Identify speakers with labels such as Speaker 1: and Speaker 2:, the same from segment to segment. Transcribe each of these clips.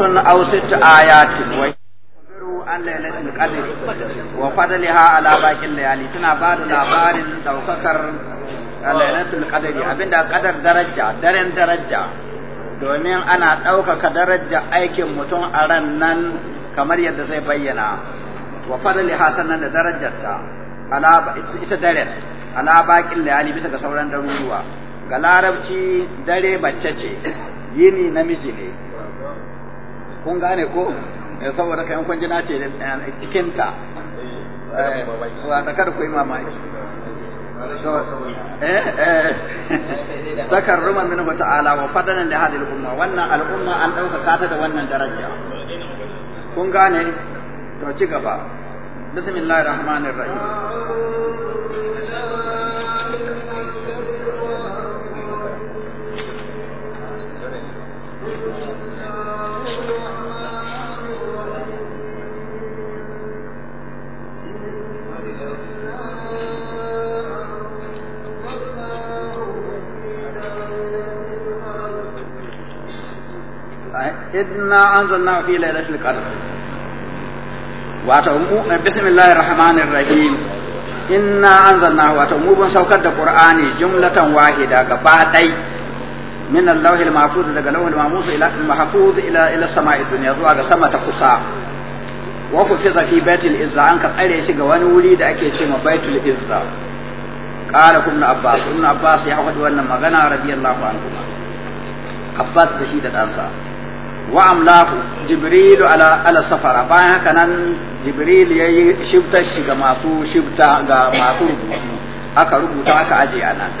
Speaker 1: khamsun aw sittu ayatin wa
Speaker 2: an lailatul qadr wa fadliha ala baqil layali tana ba da labarin daukakar lailatul qadr abinda qadar daraja daren daraja domin ana ka daraja aikin mutum a ran nan kamar yadda zai bayyana wa fadliha sannan da darajarta ala ita daren ala baqil layali bisa ga sauran daruruwa ga larabci dare bacce ce yini namiji ne kun gane ko eh, saboda kayan kun jina ce eh, cikin ta eh, wa kada ku yi mamaki takarruman min wa ta'ala wa fadalan li hadhihi al-umma wannan al-umma an dauka ta da wannan daraja kun gane to ci gaba bismillahir rahmanir rahim idna anzalna fi lailatul qadr wato bismillahir rahmanir rahim inna anzalna wato mu bun saukar da qur'ani jumlatan wahida gaba dai min mahfuz daga lawhil mahfuz ila mahfuz ila ila dunya zuwa ga sama ta kusa wa ku fiza fi izza an ka tsare shi ga wani wuri da ake cewa baitul izza qala abbas abbas ya faɗi wannan magana radiyallahu anhu abbas da shi da ɗansa wa amlahu jibrilu ala ala safara bayan haka nan jibril yayi shibta shi ga masu shibta ga masu rubutu aka rubuta aka aje anan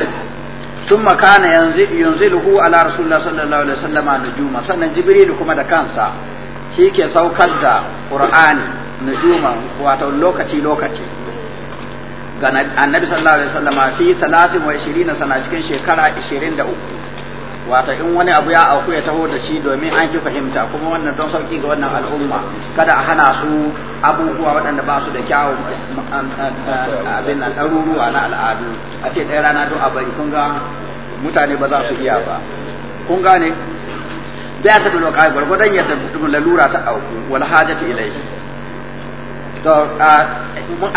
Speaker 2: ثم كان yanzu yanzu رسول ala rasulullah sallallahu alaihi wasallam najuma sannan jibril kuma da kansa shi ke saukar da qur'ani nujuma wato lokaci lokaci ga annabi sallallahu alaihi wasallam fi 23 sana cikin shekara 23 wato in wani abu ya auku ya taho da shi domin an fi fahimta kuma wannan don sauki ga wannan al'umma kada a hana su abubuwa waɗanda ba su da kyawu um, uh, uh, abin nan ɗaruruwa na al'adu a ce ɗaya rana don abin kun ga mutane ba za su iya ba kun gane bai ta bilo kai gwargwadon ya tabbata lalura ta auku wal hajati ilayhi to uh,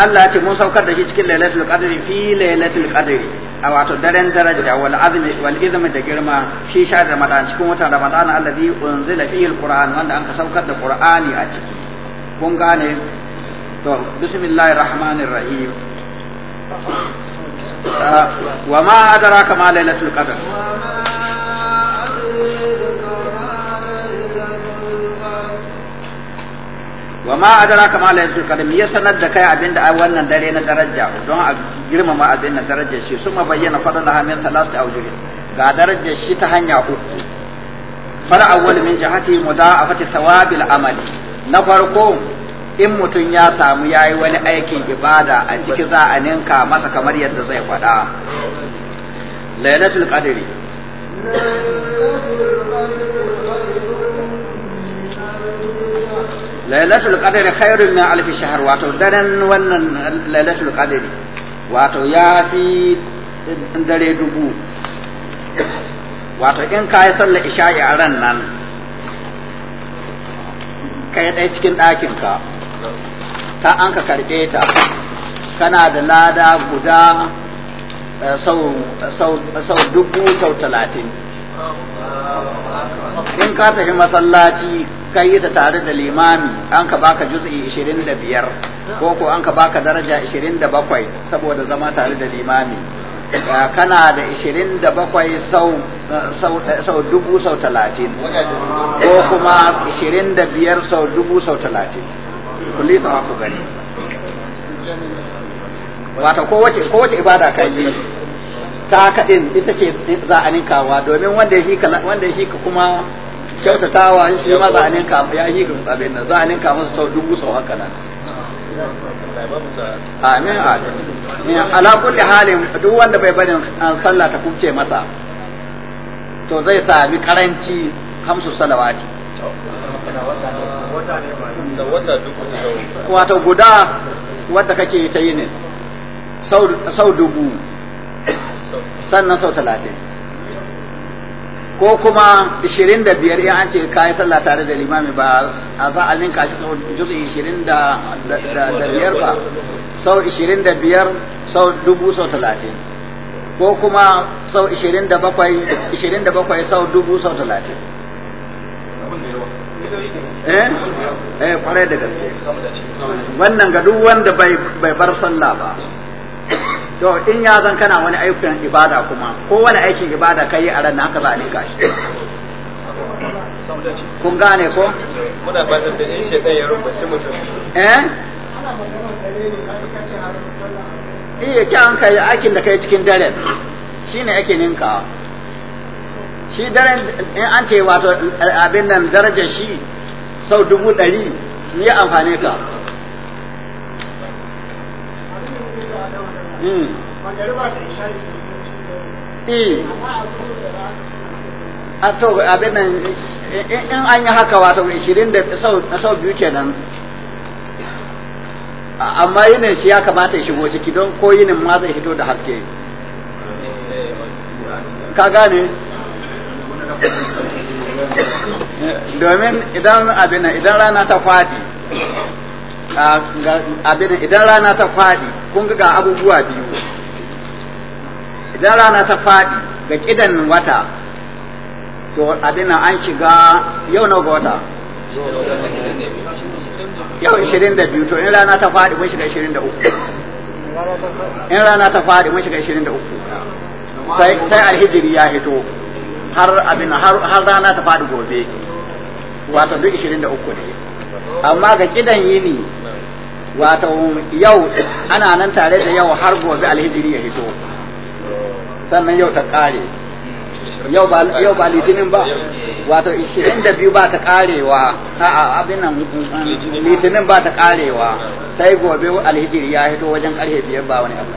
Speaker 2: Allah ya ce mun saukar da shi cikin lailatul qadri fi lailatul qadri a wato daren daraja wal azmi wal izmi da girma shi sha ramadan cikin watan ramadan allazi unzila fihi alquran wanda an ka saukar da qur'ani a ciki kun gane to bismillahir rahmanir rahim ah, wa ma adraka ma lailatul qadr wa ma kama la laylatul qadr ya sanar da kai abinda a wannan dare na daraja don a girmama abin nan darajar shi suma bayyana fadalaha min thalathati awjuh ga darajar shi ta hanya uku far awwal min jahati mudafati thawabil amali na farko in mutum ya samu yayi wani aikin ibada a ciki za a ninka masa kamar yadda zai faɗa lailatul lailatul qadri
Speaker 1: lailatul qadri khairun min alf shahr wato daren
Speaker 2: wannan lailatul qadri wato ya fi dare dubu wato in ka yi sallar isha'i a ran nan kai dai cikin cikin ɗakinka ta an ka karɓe ta kana da lada guda eh, sau dubu sau talatin in ka tafi masallaci ka yi ta tare da limami an ka baka juz'i 25 ko ko an ka baka daraja 27 saboda zama tare da limami kana da 27 sau sau dubu sau talatin ko kuma 25 sau dubu sau talatin kulisa ku gani wata kowace ibada kan yi ta kaɗin ita ce za a ninkawa domin wanda shi ka wanda shi ka kuma kyautatawa shi ma za a ninka ya shi ka abin nan za a ninka musu sau dubu sau haka nan amin amin
Speaker 1: ala kulli halin
Speaker 2: duk wanda bai bari an sallah ta kuce masa to zai sami karanci hamsu salawati wato guda wadda kake ta yi ne sau dubu sannan sau talatin ko kuma ishirin da biyar in an ce ka yi sallah tare da limami ba a za a linka shi sau jutsu ishirin da biyar ba sau ishirin da biyar sau dubu sau talatin ko kuma sau ishirin da bakwai ishirin da bakwai sau dubu sau talatin eh eh kware da gaske wannan ga duk wanda bai bar sallah ba to in ya zan kana wani aikin ibada kuma ko wani aikin ibada ka yi a ran haka za a ninka shi
Speaker 1: kun gane ko
Speaker 2: muna fatan da in shekai ya rubuce mutum eh iya eh, kyan kai aikin da kai cikin daren ne ake ninka. shi daren in an ce wato eh, abin nan darajar shi sau dubu ɗari ni amfane ka a to abin nan in an yi haka wato 20 da sau biyu kenan amma yinin shi ya kamata ya shigo ciki don ko yinin ma zai hito da haske ka gane domin idan abin idan rana ta fadi idan rana ta fadi kun ga abubuwa biyu idan rana ta faɗi ga kidan wata to abin an shiga yau na ga wata yau 22 to in rana ta faɗi mun shiga 23
Speaker 1: in rana ta faɗi mun shiga 23 sai sai
Speaker 2: alhijiri ya hito har abin har rana ta faɗi gobe wato duk 23 ne amma ga kidan yini wato yau ana nan tare da yau har gobe alhijiri ya hito sannan yau ta kare yau ba Litinin ba litinin ba wato 22 ba ta karewa a abin nan mm, mm, litinin ba ta karewa sai gobe alhijiri ya hito wajen karfe biyar ba wani abu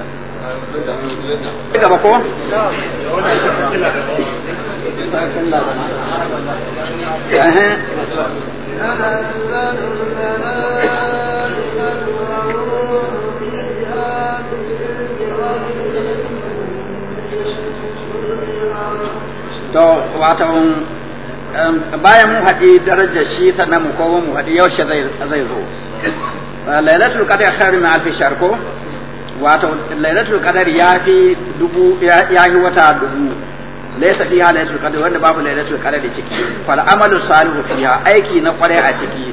Speaker 2: gaba ko to wato um, bayan mun haɗi darajar shi sannan mu kowa mu haɗi yaushe zai zo
Speaker 1: uh,
Speaker 2: lailatul qadar khairu min alfi shahr ko wato lailatul qadar ya fi dubu ya yi wata dubu laysa fi lailatul qadar wanda babu lailatul qadar da ciki fal amalu salihu fiha aiki na kwarai a ciki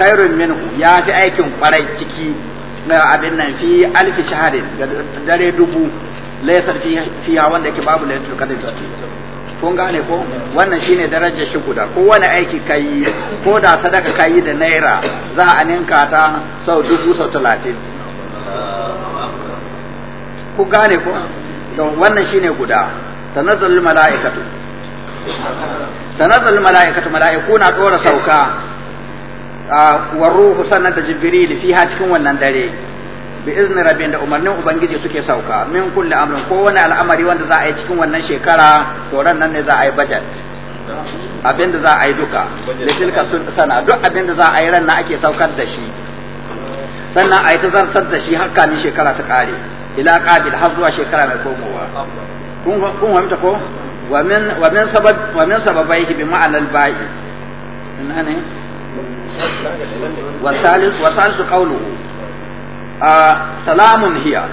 Speaker 2: khairun minhu ya fi aikin kwarai ciki na abin nan fi alfi shahr dare dubu laysa fi fiha wanda yake babu lailatul qadar da ciki kun gane ko wannan shine darajar shi guda ko wani aiki kai ko da sadaka kai da naira za a ninka ta sau dubu sau talatin ku gane ko wannan shine guda tanazzalul mala'ikatu
Speaker 1: tanazzalul mala'ikatu mala'iku na dora sauka
Speaker 2: wa ruhu sannan da jibril fiha cikin wannan dare bi izni rabbin da umarnin ubangiji suke sauka min kulli amrin ko wani al'amari wanda za a yi cikin wannan shekara to ran nan ne za a yi budget abin da za a yi duka da tilka sana duk abin da za a yi ran na ake saukar da shi sannan a yi ta zartar da shi har kamin shekara ta kare ila qabil har zuwa shekara mai komowa kun kun fahimta ko wa min sabab wa min sababaihi bi ma'an al-ba'i ina ne wa salis qawluhu salamun hiya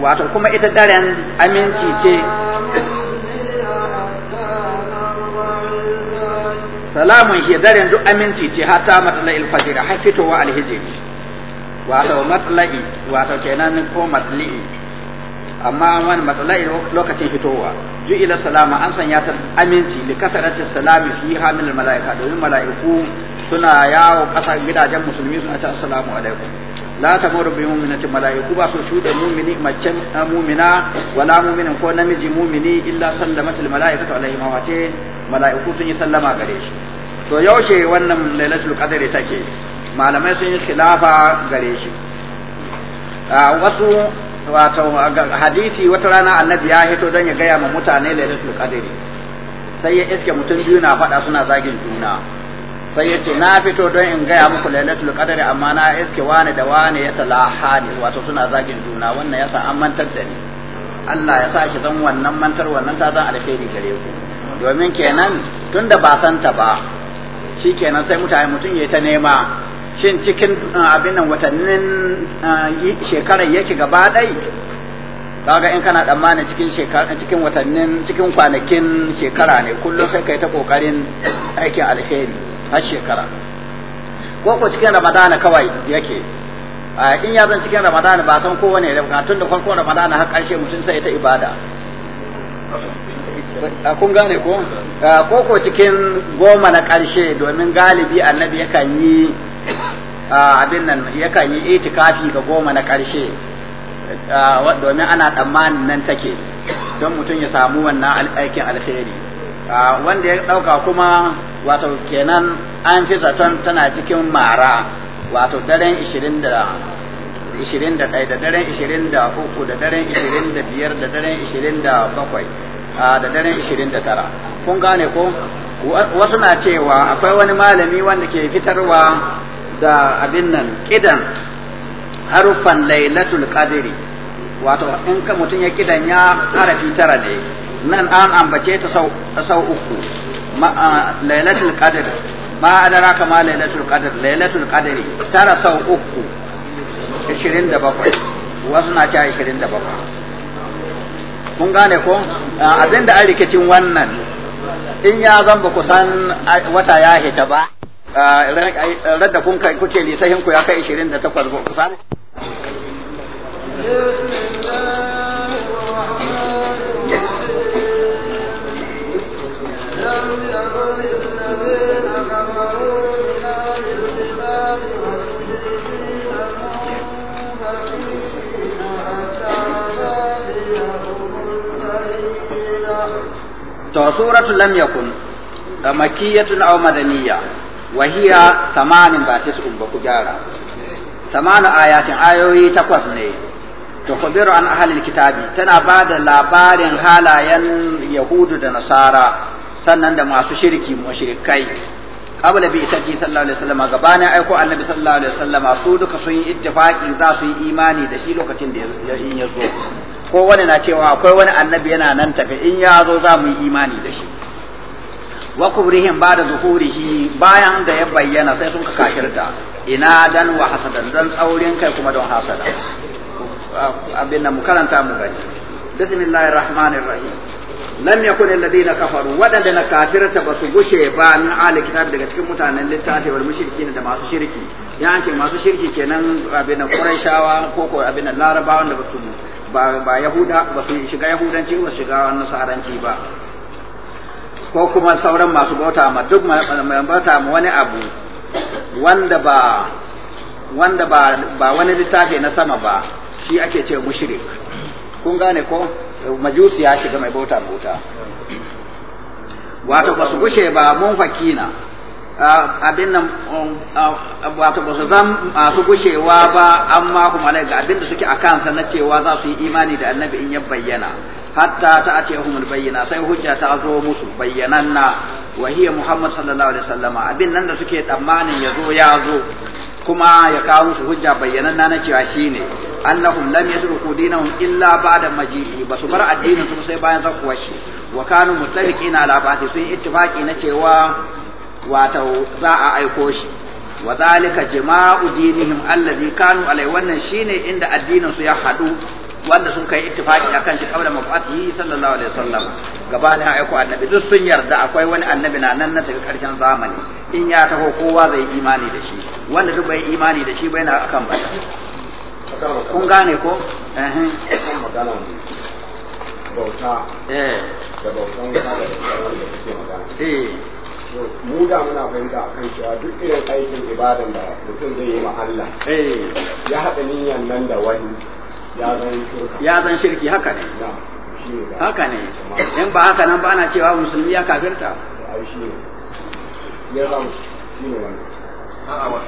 Speaker 2: wato kuma ita daren aminci ce salamun hiya daren duk aminci ce hata matsala'il fajira har fitowa alhijiri wato matsala'i wato kenan ko matsali'i amma wani matsala'i lokacin fitowa ju ila salama an sanya ta aminci da kasarati salami fi hamilin mala'ika domin mala'iku suna yawo kasar gidajen musulmi suna can salamu alaikum la tamuru bi mu'minatin malaiku ba su shuɗe mu'mini mace mu'mina wala mu'minin ko namiji mu'mini illa mala'iku ta alaihi wa te malaiku sun yi sallama gare shi to yaushe wannan lailatul qadri take malamai sun yi khilafa gare shi wasu wato hadisi wata rana annabi ya hito don ya gaya ma mutane lailatul qadri sai ya iske mutum biyu na faɗa suna zagin juna sai ya ce na fito don in gaya muku lailatul qadari amma na iske wane da wani ya talaha ne wato suna zagin juna wannan yasa an mantar da ni Allah ya sa shi zan wannan mantar wannan ta zan alheri gare ku domin kenan tunda ba san ta ba shi kenan sai mutane mutum ya ta nema shin cikin uh, abin nan watannin uh, shekarar yake gaba ɗai kaga in kana tsammanin cikin cikin watannin cikin kwanakin shekara ne kullum sai kai ta kokarin aikin alheri har shekara ko ko cikin ramadana kawai yake in ya zan cikin ramadana ba san kowane da tun da farkon ramadana har karshe mutum sai ta ibada a kun gane ko ko ko cikin goma na karshe domin galibi annabi yakan yi abin nan yakan yi itikafi ga goma na karshe domin ana tsammanin nan take don mutum ya samu wannan aikin alheri Ah, wanda ya ɗauka kuma wato kenan an fi zaton tana cikin mara wato daren da 21 da daren 23 da daren 25 da daren 27 ah, da daren 29 kun gane ko wasu na cewa akwai wani malami wanda ke fitarwa da abin nan kidan harufan lailatul qadri wato in ka mutum ya kidan ya harafi tara ne nan an ambace ta sau ta sau uku lailatul qadr ma adaraka ma lailatul qadr lailatul qadri tara sau uku 27 wasu na ta 27 kun gane ko abinda an rikicin wannan in ya zan ba kusan wata ya hita ba radda kun kai kuke lisahin ku ya kai 28 kusan to suratu lam yakun makiyatun aw madaniyya wa hiya thamanin ba tis'un ba ku gyara thamanu ayatin ayoyi takwas ne to khabiru an ahlil kitabi tana ba da labarin halayen yahudu da nasara sannan da masu shirki mushrikai qabla bi isati sallallahu alaihi wasallam gabanin aiko annabi sallallahu alaihi su duka sun yi ittifaqi za su yi imani da shi lokacin da in yazo. ko wani na cewa akwai wani annabi yana nan tafi in ya zo za mu yi imani da shi wa kubrihim ba da zuhurihi bayan da ya bayyana sai sun ka kafirta ina dan wa hasadan dan tsaurin kai kuma don hasada abin nan mu karanta mu gani bismillahir rahmanir rahim lam yakun alladhina kafaru waɗanda na kafirta basu gushe ba min ahli kitab daga cikin mutanen littafi wal mushrikin da masu shirki ya ce masu shirki kenan abin nan qurayshawa ko ko abin nan larabawan da basu mutu ba ba yahuda ba su shiga yahudanci ba su shiga nasaranci ba ko kuma sauran masu bauta ma duk mai bauta ma wani abu wanda ba wanda ba ba wani littafi na sama ba shi ake ce mushrik kun gane ko majusi ya shiga mai bauta bauta wato ba su gushe ba mun fakina Ah, abin nan um, ah, ah, wato ba su zan masu gushewa ba amma kuma ga abin da suke a kansa na cewa za su yi imani da annabi in ya bayyana hatta ta ace humul bayyana sai hujja ta zo musu bayyananna wa hiya muhammad sallallahu alaihi wasallama abin nan da suke tsammanin ya zo ya zo kuma ya kawo musu hujja bayyananna na cewa shine annahum lam yasruku dinahum illa ba'da maji'i ba su bar addinin su sai bayan zakuwar shi wa kanu muttafiqina ala ba'di sun ittifaqi na cewa wato za a aiko shi wa zalika jima'u dinihim allazi kanu alai wannan shine inda addinin su ya hadu wanda sun kai ittifaqi akan shi kaula mafatihi sallallahu alaihi wasallam gabanin aiko annabi duk sun yarda akwai wani annabi na nan na tafi karshen zamani in ya taho kowa zai imani da shi wanda duk bai imani da shi bai na akan ba kun gane ko eh eh
Speaker 1: eh mu da muna fahimta a kan cewa duk irin aikin
Speaker 2: ibadan da mutum zai yi ma eh. ya haɗa niyyar nan da wani ya zan ya zan shirki haka ne haka ne in ba haka nan ba ana cewa musulmi ya kafirta ya zan shi ne wani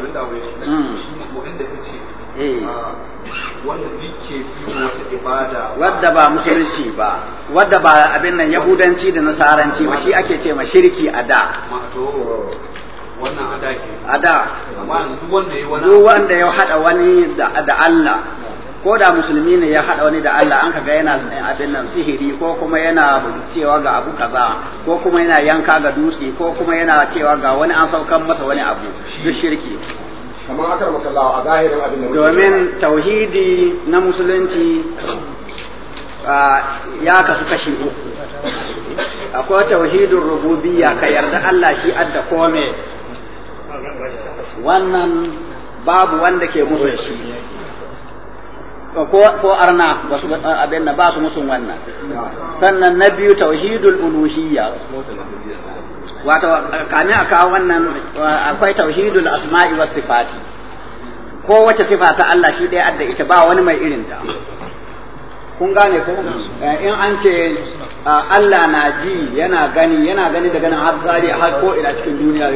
Speaker 1: inda hmm. shi da Eh. Ah,
Speaker 2: wadda ba musulunci ba wadda ba abin nan yahudanci da nasaranci ba shi ake ce ma shirki a da a da
Speaker 1: duk wanda ya hada
Speaker 2: wani da Allah ko da musulmi ne ya hada wani da Allah an kaga yana eh, abin nan sihiri ko kuma yana cewa ga abu kaza ko kuma yana yanka ga dutse ko kuma yana cewa ga wani an saukan masa wani abu duk shirki kamar akar makallawa a zahirin abin da domin tauhidi na musulunci ya kasu kashi uku akwai tauhidin rububiyya ka yarda Allah shi adda kome wannan babu wanda ke musu shi ko arna wasu abin da ba su musun wannan sannan na biyu tauhidul uluhiyya wato kame a kawo wannan akwai tauhidul asma'i was sifati ko wace sifa ta Allah shi ɗaya adda ita ba wani mai irin ta kun gane ko eh, in an ce Allah na ji yana gani yana gani da ganin har zari har ko ina cikin duniya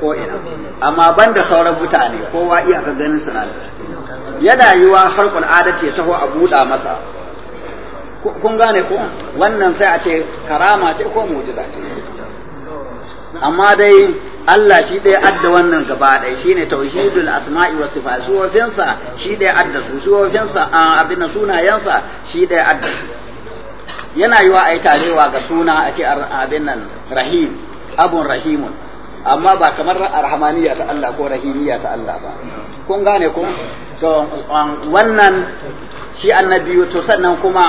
Speaker 2: ko ina amma ban sauran mutane kowa iya ka ganin su yana yiwa har adati ya taho a buɗa masa kun gane ko wannan sai a ce karama ce ko mu'jiza ce amma dai Allah shi ɗaya adda wannan gaba ɗaya ne tauhidul asma'i was su suwafinsa shi ɗaya adda su suwafinsa a abin sunayensa shi ɗaya adda su yana yiwa ai tarewa ga suna a ce abin nan rahim abun rahimun amma ba kamar arhamaniya ta Allah ko rahimiya ta Allah ba kun gane ko to um, wannan shi annabiyu to sannan kuma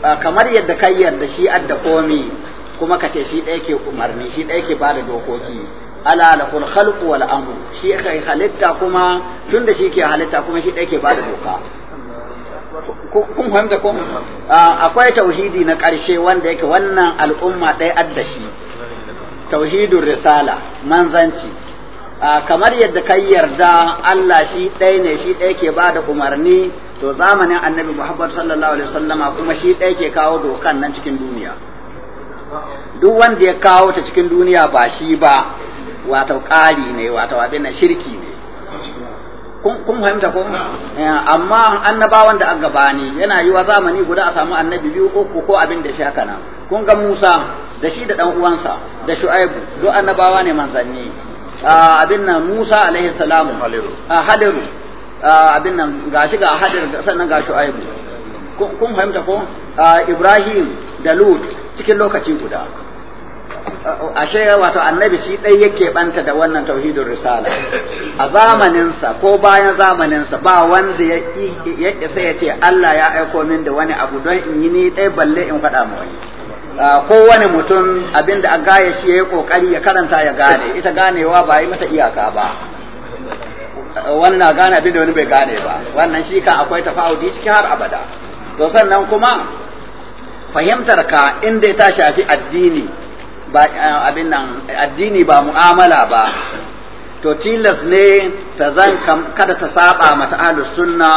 Speaker 2: uh, kamar yadda kai yadda shi adda komi kuma ka ce shi ɗaya ke umarni shi ɗaya ke bada dokoki ala lahul khalqu wal amru shi kai halitta kuma tunda shi ke halitta kuma shi ɗaya ke bada doka kun fahimta ko akwai tauhidi na ƙarshe wanda yake wannan al'umma ɗaya adda shi tauhidun risala manzanci kamar yadda kai yarda Allah shi ɗaya ne shi ɗaya ke bada umarni to zamanin annabi Muhammad sallallahu alaihi wasallama kuma shi ɗaya ke kawo dokan nan cikin duniya duk wanda ya kawo ta cikin duniya ba shi ba wato ƙari ne wato abin na shirki ne kun fahimta ko eh, amma annabawan da an gabani yana yi wa zamani guda a samu annabi biyu ko ko abin da shi haka nan kun ga Musa da shi da dan uwansa da Shu'aibu duk annabawa ne manzanni ah, abin nan Musa alaihi salamu hadiru ah, ah, abin nan gashi ga hadir sannan ga Shu'aibu kun fahimta ko Ibrahim da Lut cikin lokaci guda ashe wato annabi shi ɗai yake banta da wannan tauhidin risala a zamaninsa ko bayan zamaninsa ba wanda ya isa ya ce Allah ya aiko min da wani abu don in yi ni ɗai balle in faɗa ma wani Ko wani mutum abinda a gaya shi ya yi ƙoƙari ya karanta ya gane ita ganewa ba yi mata iyaka ba wannan gane abinda wani bai gane ba wannan shi kan akwai tafa'udi ciki har abada to sannan kuma fahimtar ka inda ta shafi addini ba abin nan addini ba mu'amala ba to tilas ne ta zan kada ta saba mata ahlus sunna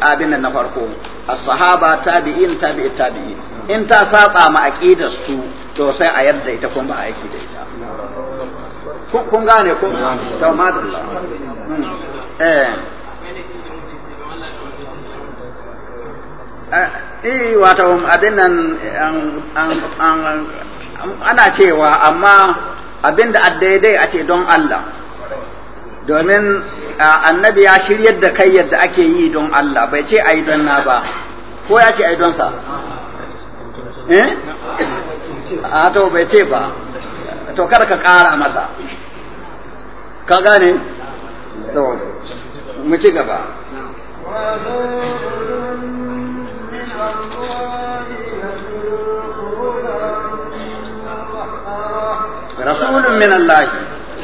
Speaker 2: abin nan na farko as-sahaba tabi'in tabi'i tabi'i in ta saba ma aqidar su to sai a yarda ita kuma a aiki da ita
Speaker 1: kun gane kun ta madalla hmm.
Speaker 2: eh Eh, eh wato abin nan ana cewa amma abin da daidai a ce don Allah domin annabi ya shirya da kai yadda ake yi don Allah bai ce ai don na ba ko ya ce ai don sa eh a to bai ce ba to kada ka ƙara masa ka gane to mu ci gaba
Speaker 1: rasulun min Allah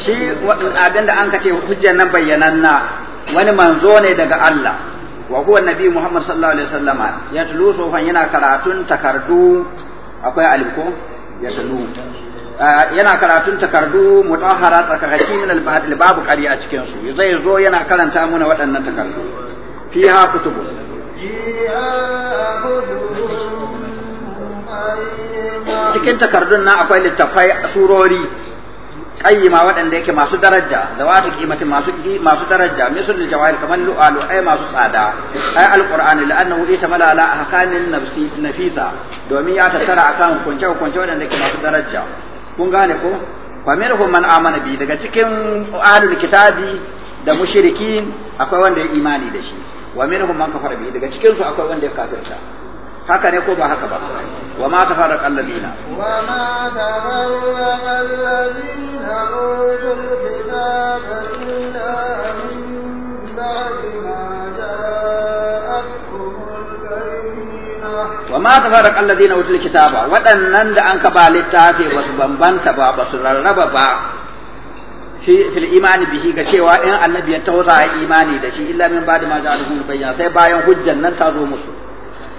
Speaker 2: shi abin da an kace hujja nan bayyananna wani manzo ne daga Allah wa huwa nabi Muhammad sallallahu alaihi wasallam ya tulu sofan yana karatun takardu akwai alko ya tulu yana karatun takardu mutahara tsakaki min al-babu qari a cikin su zai zo yana karanta muna waɗannan takardu fiha kutubu cikin takardun nan akwai littafai surori kayyima waɗanda yake masu daraja da wata kimatin masu masu daraja misal da jawahir kamar lu'alu ay masu tsada ai alqur'ani la'annahu itamala malala hakanin nafsi nafisa domin ya tattara akan kunce kunce waɗanda yake masu daraja kun gane ko fa minhum man amana bi daga cikin alul kitabi da mushrikin akwai wanda ya imani da shi wa minhum man kafara bi daga cikin su akwai wanda ya kafirta haka ne ko ba haka ba wa ma tafarraqa alladina
Speaker 1: wa ma tafarraqa alladina utul kitaba illa min ba'di ma wa ma tafarraqa
Speaker 2: alladina utul kitaba wadannan da an ka ba littafi basu bambanta ba su rarraba ba fi fil imani bihi ga cewa in annabi ya taho za a yi imani da shi illa min ba'da ma ja'aluhu bayyana sai bayan hujjan nan ta zo musu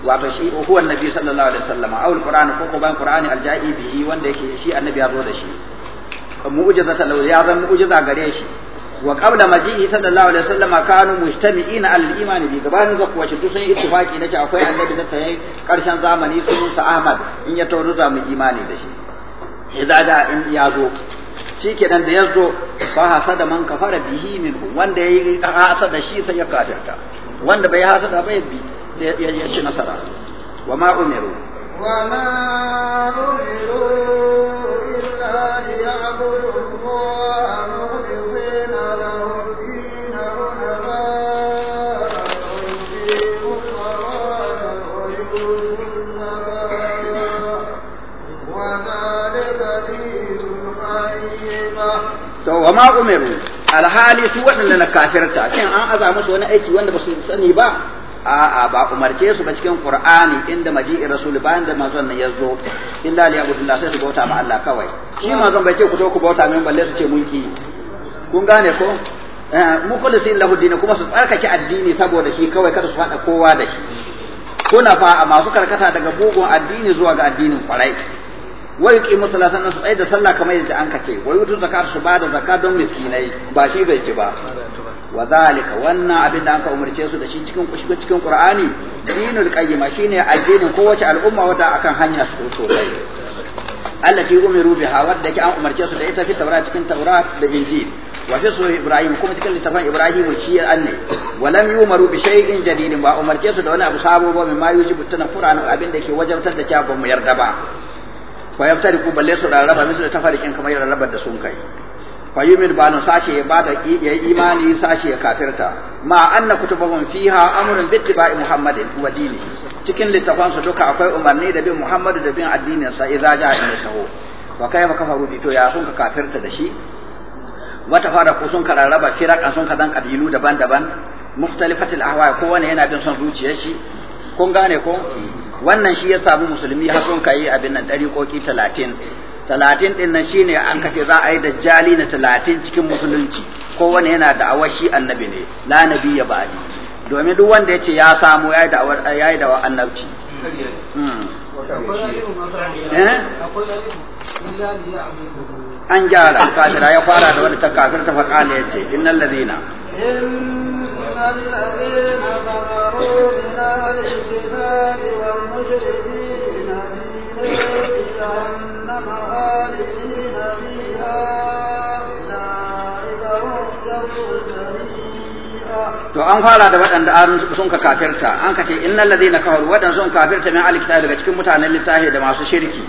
Speaker 2: wato shi huwa annabi sallallahu alaihi wasallam aw alquran ko ko bayan qur'ani alja'i bihi wanda yake shi annabi ya zo da shi mu'jiza sallallahu ya zan mu'jiza gare shi wa qabla maji'i sallallahu alaihi wasallam kanu mujtami'ina al imani bi gabanin zakuwa shi sun na nace akwai annabi da tayi karshen zamani sun sa Ahmad in ya tawo za mu imani da shi idada in ya zo shikenan da yazo fa hasada man kafara bihi min wanda yayi hasada shi sai ya kafirta wanda bai hasada bai bi ya ci nasara wa ma umiru
Speaker 1: wa ma umiru illa liya'budu Allah mukhlisina lahu
Speaker 2: wa ma umiru alhali su waɗanda na kafirta shin an aza musu wani aiki wanda ba su sani ba a'a ba umarce su ba cikin qur'ani inda maji'i rasul bayan da manzon nan yazo illa li ya'budullah sai su bauta ma Allah kawai shi manzon bai ce ku zo ku bauta min balle su ce mun ki kun gane ko eh, mukhlisin lahu dinu kuma su tsarkake addini saboda shi kawai kada su fada kowa da shi kuna fa masu karkata daga bugun addini zuwa ga addinin kwarai wai ki musu lasan su ai da sallah kamar yadda anka ce, wai wutu zakat su bada zakat don miskinai ba shi bai ci ba wa zalika wannan abin da an ka umarce su da shi cikin cikin cikin qur'ani dinul qayyima shine addinin kowace al'umma wata akan hanya su sosai allati umiru biha wadda ke an umarce su da ita fi tawrat cikin tawrat da injil wa fi sahih ibrahim kuma cikin littafin ibrahim shi anne wa lam yumaru bi shay'in jadidin ba umarce su da wani abu sabo ba mai ma yujibu tana qur'ani abin da ke wajabtar da cewa ba mu yarda ba fa yaftariku balle su rarraba misal tafarikin kamar rarrabar da sun kai fa yumin banu sashe ya bada ya imani sashe ya kafirta ma anna kutubahum fiha amrun bi ittiba'i muhammadin wa dini cikin littafan su duka akwai umarni da bin muhammadu da bin addinin sa idza ja'a ila shahu wa kayfa kafaru bi to ya sun ka kafirta da shi wata fara ko sun ka rarraba firaqan sun ka dan kabilu daban-daban muftalifatil ahwa kowane yana bin son zuciyar shi kun gane ko wannan shi ya samu musulmi har sun kai abin nan ɗariƙoƙi talatin talatin ɗin nan shine an kace za a yi dajjali na talatin cikin musulunci kowane yana da shi annabi ne la nabi ya ni. domin duk wanda yace ya samu yayi da yayi da annabci hmm. eh? an gyara kafira ya fara da wani takafir ta faƙala yace innal ladina To an fara da waɗanda sun ka kafirta, an ka ce innal ladina kafaru waɗanda sun kafirta min alikita daga cikin mutanen littafi da masu shirki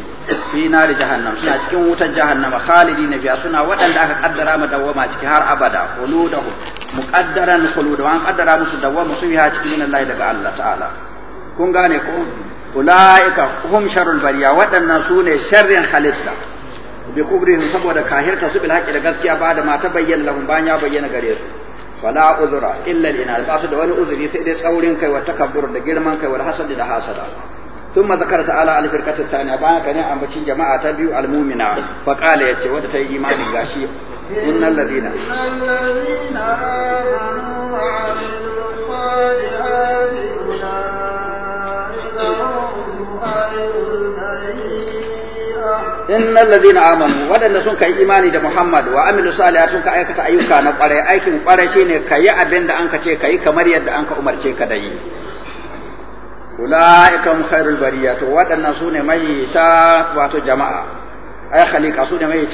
Speaker 2: fi nari jahannam suna cikin wutar jahannama na biya suna waɗanda aka kaddara mu dawwama ciki har abada qulu muqaddaran khulud wa an qaddara musu dawwamu su cikin Allah daga Allah ta'ala kun gane ko ulaika hum sharrul bariya waɗannan su ne sharrin halitta bi kubri saboda kahirta su bil da gaskiya ba da mata bayyana lahum ba ya bayyana gare su fala uzura illa lina ba su da wani uzuri sai dai tsaurin kai wa takabbur da girman kai wa hasad da hasada ثم ذكر تعالى الفرقة الثانية بعد كان أمبتشين جماعة تبيو المؤمنة فقال يتي ودت إيمان غاشي
Speaker 1: إن الذين إن
Speaker 2: الذين آمنوا ودن سنك إيماني دا محمد وعملوا صالحات سنك أيكة أيوكا نقرأ أيكم قرأ شيني كي أبين دا أنك تي كي كمر يد أنك أمر تي كدي أولئك هم خير البرية ودن سنة ميتا واتو جماعة ay khaliqa su da mai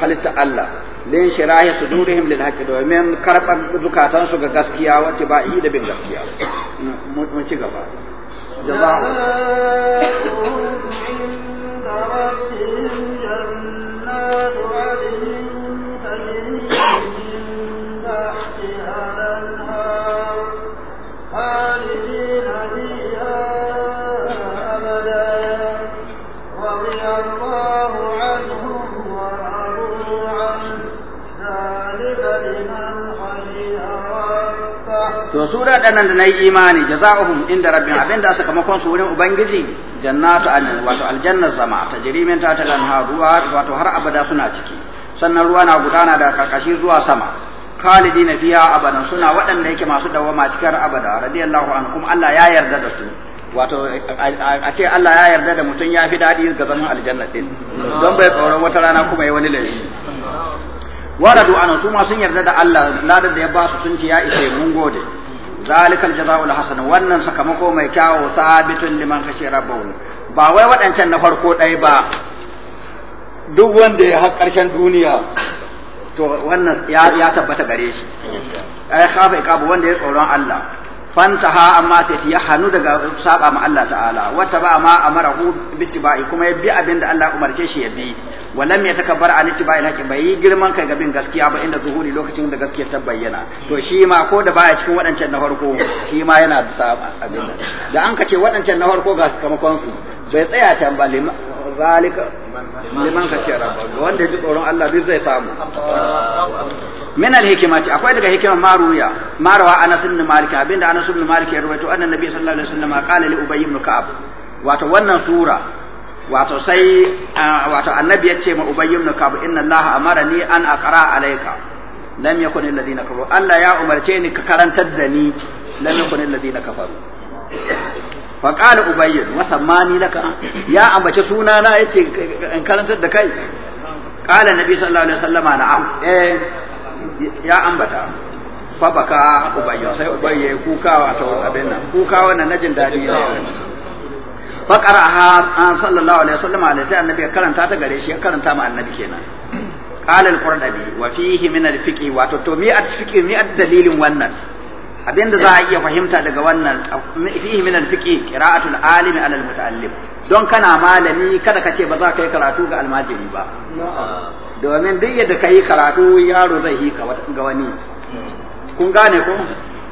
Speaker 2: halitta Allah lin shirahi sudurihim lil haqqi karban su ga gaskiya wa da bin gaskiya mun ci gaba
Speaker 1: to su da dannan da
Speaker 2: nayi imani jazaohum inda rabbihim abinda sakamakon su wurin ubangiji jannatu an wato aljanna zama tajri min ta al ruwa wato har abada suna ciki sannan ruwa na gudana da karkashi zuwa sama khalidina fiha abadan suna waɗanda yake masu dawama cikin abada radiyallahu anhum Allah ya yarda da su wato a ce Allah ya yarda da mutum ya fi daɗi ga zaman aljanna din don bai tsoron wata rana kuma yi wani laifi waradu ana su ma sun yarda da Allah ladar da ya ba su sun ci ya ishe mun gode zalikal jazaa'ul hasan wannan sakamako mai kyawu sabitun liman kashi rabbahu ba wai wadancan na farko ɗaya ba duk wanda ya har karshen duniya to wannan ya tabbata gare shi ai khafa iqabu wanda ya tsoron Allah fantaha amma sai ya hanu daga saba ma Allah ta'ala wata ba ma hu bitiba'i kuma ya bi abin da Allah umarce shi ya bi walam ya takabbar an ittiba al haqi bai girman kai ga bin gaskiya ba inda zuhuri lokacin da gaskiya ta bayyana to shi ma ko da baya cikin waɗancan na farko shi ma yana da abin da an kace waɗancan na farko ga kuma kwansu bai tsaya can ba zalika liman kace rabba wanda ji tsoron Allah duk zai samu min al-hikmati akwai daga hikima maruya marawa Anas ibn Malik abinda Anas ibn Malik ya rubuta annabi sallallahu alaihi wasallam qala li Ubay ibn Ka'ab wato wannan sura wato sai wato annabi ya ce ma ubay ibn kab inna allaha ni an aqra alayka lam yakun alladhina kafaru Allah ya umarce ni ka karantar da ni lam yakun alladhina kafaru fa qala ubay wa samani laka ya ambace na yace in karantar da kai qala nabi sallallahu alaihi wasallama na'am eh ya ambata fa baka ubay sai ubay kuka wato abin nan kuka wannan najin dadi ne fa qara'aha ah, sallallahu alaihi wasallam alai sai annabi ya karanta ta gare shi ya karanta ma annabi kenan qala al-qurdabi wa fihi min al-fiqi wa to mi al-fiqi mi dalilin wannan abinda za a iya fahimta daga wannan fihi min al-fiqi qira'atul alimi ala al-muta'allim don kana malami kada ka ce ba za ka yi karatu ga almajiri ba domin duk yadda ka yi karatu yaro zai yi ga wani kun gane ko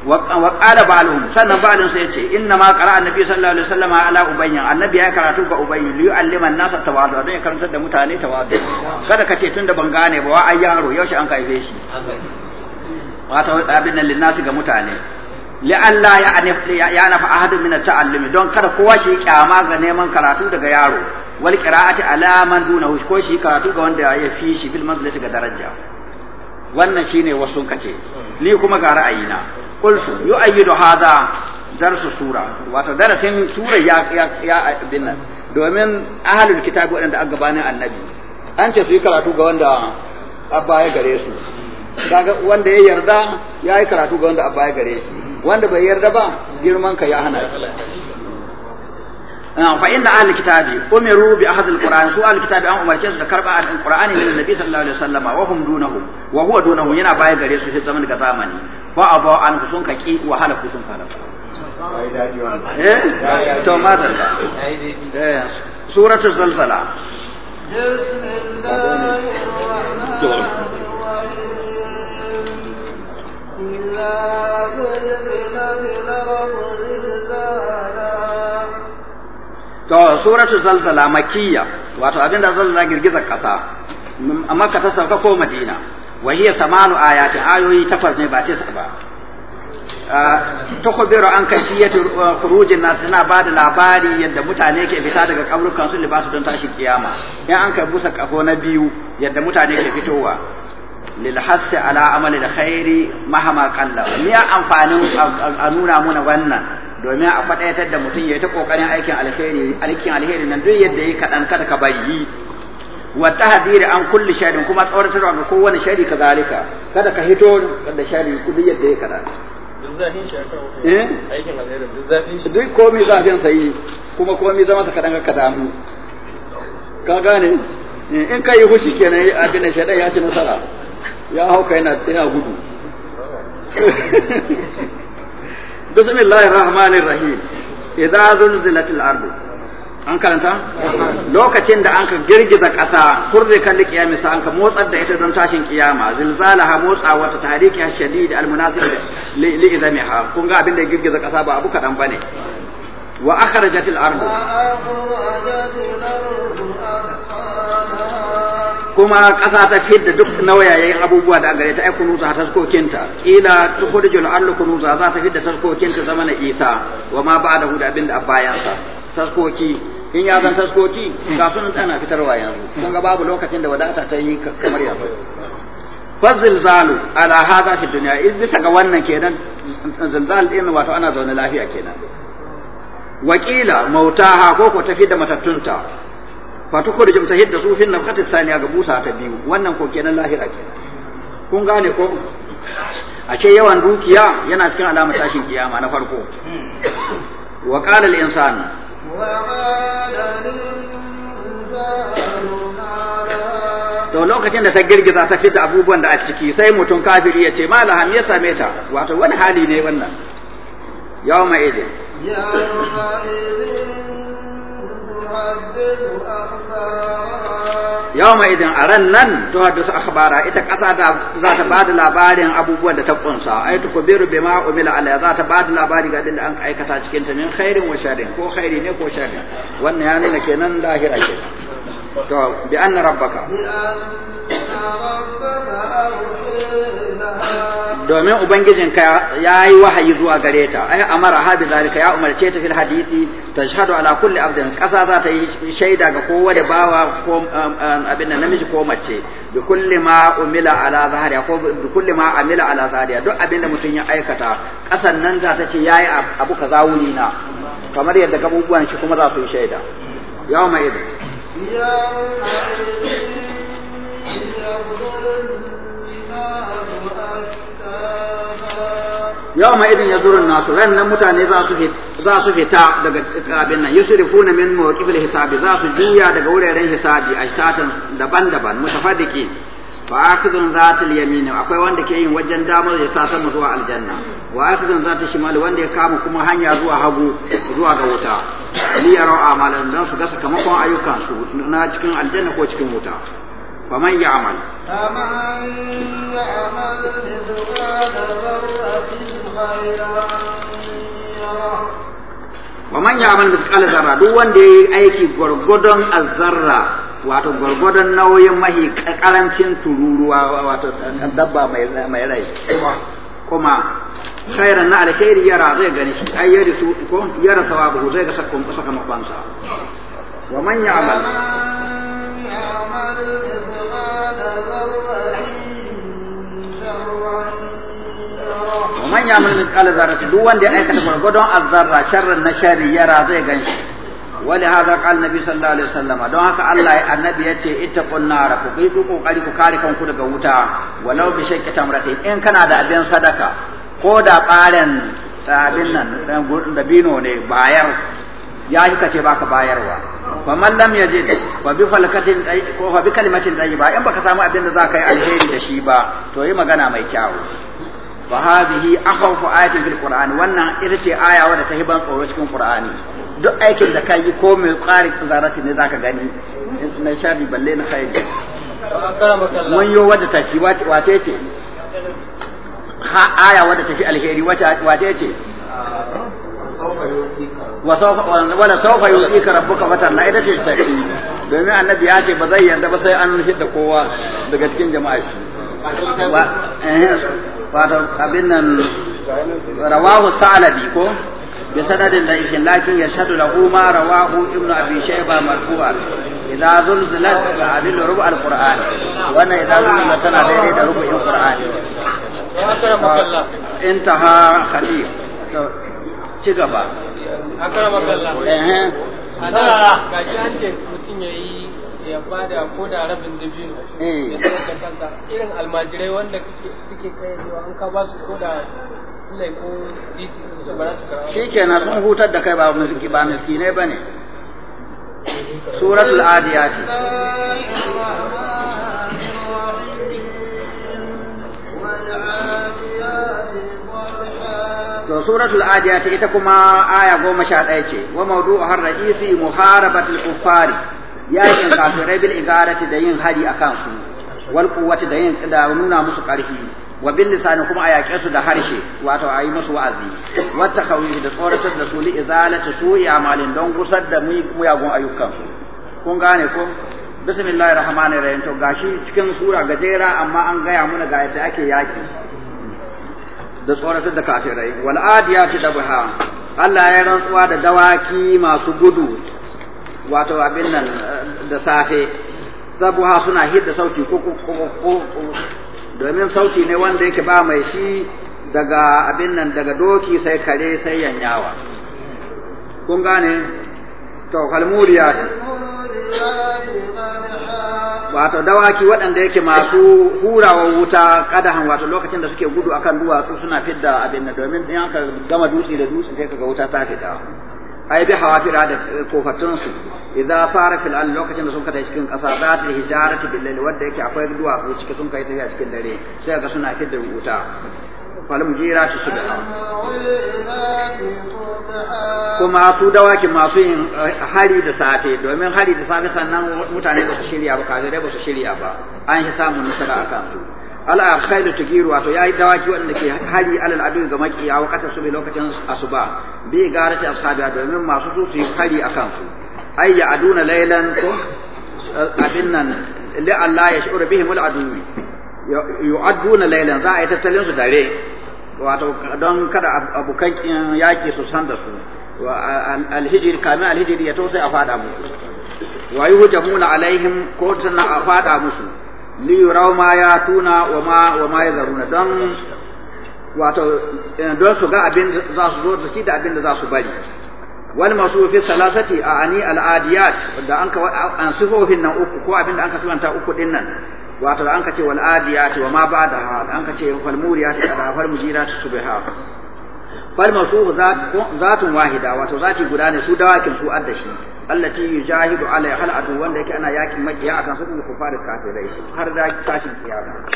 Speaker 2: wa qala ba'alhum sannan ba'alhum sai yace inna ma qara annabi sallallahu alaihi wasallam ala ubayy annabi ya karatu ga ubayy li yu'allima an-nasa tawadu don ya karantar da mutane tawadu kada ka kace tunda ban gane ba wa ai yaro yaushe an kaife shi wato abin nan linnasi ga mutane li'alla ya nafa ahadu min ta'allumi don kada kowa shi kyama ga neman karatu daga yaro wal qira'ati ala man dunahu ko shi karatu ga wanda ya fi shi bil manzilati ga daraja wannan shine wasu kace ni kuma ga ra'ayina qultu yu'ayyidu hadha darsu sura wato darasin sura ya ya abin domin ahlul kitabi waɗanda a gabanin annabi an ce su karatu ga wanda abba ya gare su wanda ya yarda ya yi karatu ga wanda abba ya gare shi wanda bai yarda ba girman ka ya hana shi fa inna ahlul kitabi umiru bi ahad alquran su ahlul kitabi an umarce su da karba alqur'ani min annabi sallallahu alaihi wasallam wa hum dunahu wa dunahu yana baya gare su shi zaman ga zamani wa abaw an kusun ka ki wa halaku fara ka
Speaker 1: eh? to ma da
Speaker 2: eh suratu zalzala To suratu zalzala makiyya wato abinda zalzala girgizar kasa amma ka ta sauka ko madina wa hiya samanu ayati ayoyi takwas ne ba tisa ba ah, tukhbiru an kayfiyati ah, khurujin na suna ba da labari yadda mutane ke fita daga kaburukan su libasu don tashi kiyama in an kai busa kafo na biyu yadda mutane ke fitowa lil hasi ala amali da khairi mahama qalla ni amfanin a nuna muna wannan domin a faɗaitar da mutum ya yi ta kokarin aikin alheri alkin alheri nan duk yadda ya kaɗan kada ka yi. wa tahdhir an kulli shadin kuma tsoratarwa ga kowane shari zalika kada ka hito da shari kudi yadda ya kada
Speaker 1: duk zafin shi eh aikin alheri duk
Speaker 2: zafin shi duk komai zafin sai kuma komai zama sa kadan ka damu ka gane eh, in kai hushi kenan a bin shaidan ya ci nasara ya hauka yana yana gudu bismillahir rahmanir rahim idza zulzilatil ardu an karanta lokacin da an ka girgiza ƙasa kan da kiyami sa ka motsar da ita don tashin kiyama ha motsa wata tariki shadid almunasib li ha kun ga abin da girgiza ƙasa ba abu kadan bane wa akhrajatil ardu kuma ƙasa ta fidda duk nauyayen abubuwa da gare ta ai kunuza ta taskokinta ila tukhrijul ardu kunuza za ta fidda zama zamanin isa wa ma ba'dahu da abin da bayansa taskoki in ya zan taskoki ga sunan tana fitarwa yanzu kun ga babu lokacin da wadata ta yi kamar yanzu fazilzalu ala hada fi dunya in bisa ga wannan kenan zilzal din wato ana zaune lafiya kenan wakila mautaha ko ko tafi da matattunta fa tukhrijum tahidda su fi nafqati thaniya ga busa ta biyu wannan ko kenan lahira kenan kun gane ko ce yawan dukiya yana cikin alamar tashin kiyama na farko
Speaker 1: hmm.
Speaker 2: wa qala al insanu to lokacin da ta girgiza ta fita abubuwan da a ciki sai mutum kafiri ya ce malaham ya same ta wato wani hali ne wannan yawma idin yawma idan a ran nan to haddasa akhbara ita ƙasa da za ta bada labarin abubuwan da ta kunsa ai to kubiru ma umila alaya za ta bada labari ga da an aikata cikin ta min khairin wa sharin ko khairi ne ko sharin wannan ya nuna kenan lahira kenan to bi domin ubangijinka ya yi wahayi zuwa gare ta ai amara ha bi zalika ya umarce ta fil hadisi tashhadu ala kulli abdin kasa za ta yi shaida ga kowane bawa ko abin nan namiji ko mace bi kulli ma umila ala zahariya ko bi kulli ma amila ala duk abin da mutum ya aikata kasan nan za ta ce yayi abu kaza wuri na kamar yadda gabubuwan shi kuma za su yi shaida yawma idan yau ma idin ya zurin nasu ran nan mutane za su fita daga abin nan na min mawqifil hisabi za su juya daga wuraren hisabi a ashtatan daban-daban mutafaddiki wa akhidun zatul yamin akwai wanda ke yin wajen damar ya sa sama zuwa aljanna wa akhidun zatul shimal wanda ya kama kuma hanya zuwa hagu zuwa ga wuta li yaro amalan dan su ga sakamakon ayyukan su na cikin aljanna ko cikin wuta faman ya'mal
Speaker 1: faman ya'mal mithqala dharratin khayran yara
Speaker 2: wa man ya'mal mithqala dharra duk wanda yayi aiki gurgudon azzarra wato gwargwadon nauyin mahi karancin tururuwa wato eh, dabba mai rai kuma khairan na alkhairi yara zai gani shi ai yari su ko yara sawabu zai ga sakon sakamakonsa wa man ya'mal
Speaker 1: wa man ya'mal min
Speaker 2: qala dharrati duk wanda ya aikata gwargwadon azzarra sharran na shari yara zai ganshi. ولهذا قال النبي صلى الله عليه وسلم don haka Allah annabi yace ittaqun nar ku bi ku kokari ku kare kanku daga wuta walau bi shakki tamratin in kana da abin sadaka ko da ɓaren abin nan da bino ne bayar ya yi kace baka bayarwa fa man lam yajid fa bi falkatin ko fa bi kalimatin tayyiba in baka samu abin da zaka yi alheri da shi ba to yi magana mai kyau wa hadhihi akhawfu ayatin fil qur'ani wannan ita ce aya wadda ta hiban tsoro cikin qur'ani duk aikin da kai ko mai tsari zarati ne zaka gani na shabi balle na kai mun yo wadda ta ki wace ce ha aya wadda ta fi alheri wace ce wala saufa yu'tika rabbuka fatalla ita ce ta domin annabi ya ce ba zai yarda ba sai an hidda kowa daga cikin jama'a shi eh, wato abin nan rawahu sa'alabi ko bi sanadin da yake lakin ya shaɗu da ma rawahu ibnu abi shayba marfu'a idza zulzilat fa adil rubu alquran wannan idza zulzilat tana daidai da rubu'in qur'ani انتهى خليل ci gaba. Akara makalla. Ehe.
Speaker 1: A da ga shi an ce mutum ya ya bada ko da rabin eh. ya irin almajirai wanda suke an ka su ko da shi kenan
Speaker 2: sun hutar da kai ba ba ne ba ne
Speaker 1: suratul adiyat
Speaker 2: to suratul adiyat ita kuma aya goma sha ɗaya ce wa raisi yakin kafirai bil igarati da yin hari a su wal quwwati da yin da nuna musu karfi wa bil lisani kuma a yaƙe su da harshe wato ayi musu wa'azi wata kawai da tsoratar da su li izalati ya malin don gusar da muyagun ayyukan su kun gane ko bismillahir rahmanir rahim to gashi cikin sura gajera amma an gaya mana ga yadda ake yaki da tsoratar da kafirai wal adiyati dabha Allah ya rantsuwa da dawaki masu gudu wato abin nan da safe zabuha suna hidda sauti ko-ko-ko domin sauti ne wanda yake ba mai shi daga abin nan daga doki sai kare sai yanyawa kun gane to kalmuriya
Speaker 1: wato dawaki waɗanda yake masu
Speaker 2: hurawa wuta kadahan wato lokacin da suke gudu akan duwatsu suna fidda abin nan domin in aka gama dutse da dutse sai kaga wuta ta fita ai bi hawafira da kofatunsu su idza sara fil lokacin da sun kada cikin kasa za ta hijarati bil lail wanda yake akwai duwatsu cikin sun kai tafiya cikin dare sai ga suna fidda wuta fal mujira su su kuma su dawakin masu yin eh, hari da safe domin hari da safe sannan mutane ba su shirya ba kafirai ba su shirya ba an yi samun nasara akan su ala khairu tukiru wato yayi dawaki wanda ke hari alal adu ga makiya wakata su bi lokacin asuba bi gara garati ashabi domin masu su su yi hari akan su ay ya aduna laylan ko eh, abin nan li Allah ya shuru bihim al adu yu'adduna laylan za a yi tattalin su dare wato don kada abokan eh, yaki su san da su alhijir kamin alhijir ya to sai a fada musu wa yuhjamuna alaihim ko tana a fada musu li yurau ma ya tuna wa ma wa ma don wato eh, don su ga abin da za su zo da shi da abin da za su bari wal masufi salasati a ani al adiyat da an ka an sifofin nan uku ko abin da an ka sifanta uku din nan wato da an ka ce wal adiyat wa ma ba da an ka ce wal muriyat da fal mujirat subha bal mawsufu zatun wahida wato zati guda ne su dawakin su adda shi allati yujahidu alai hal adu wanda yake ana yakin makiya akan su ku fara kafirai har da tashin kiyama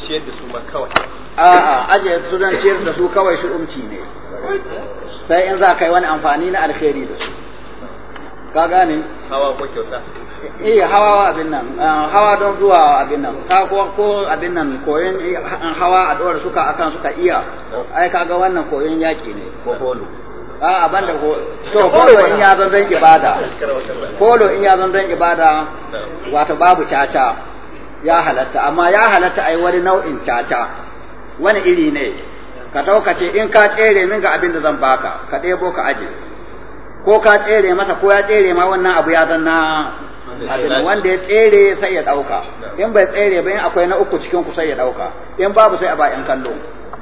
Speaker 2: ciyar da su ma
Speaker 1: kawai a'a aje su dan ciyar da su kawai shi
Speaker 2: umci ne sai in za ka yi wani amfani na alkhairi da su ka gane
Speaker 1: hawa ko kyauta eh hawa abin nan eh, hawa
Speaker 2: don zuwa abin nan ka ko ko abin nan koyon eh, eh, hawa a dora suka akan suka iya ai kaga wannan koyon yaki ne ko holo a abin da ko to holo in ya zan dan ibada holo in ya zan dan ibada wato babu caca ya halatta amma ya halatta ai wani nau'in caca wani iri ne ka ce in ka tsere min ga abin da zan baka ka ɗebo ka aje ko ka tsere masa ko ya tsere ma wannan abu ya zan na abin wanda ya tsere sai ya dauka in bai tsere ba in akwai na uku cikin ku sai ya dauka in babu sai a ba yan kallo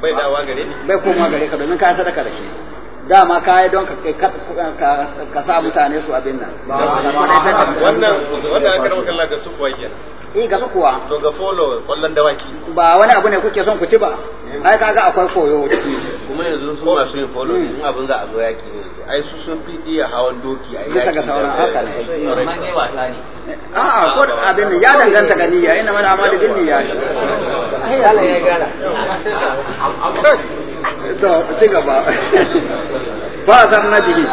Speaker 2: bai dawa gare ni bai koma gare ka domin ka sadaka da shi dama ka yi don ka sa mutane su abin nan wannan wanda aka rawa kallon da su kuwa kenan eh gaba kuwa to ga folo da waki ba wani abu ne kuke son ku ci ba mm. ai kaga akwai koyo kuma yanzu su masu yin folo mm. in abin za a zo yaki ne ai su sun fi iya hawan doki ai yaki ga sauran haka ne amma ne wasa ne a ko abin ya danganta ga niyya ina mana amali bin niyya ai Allah ya gara to ci gaba ba zan nabi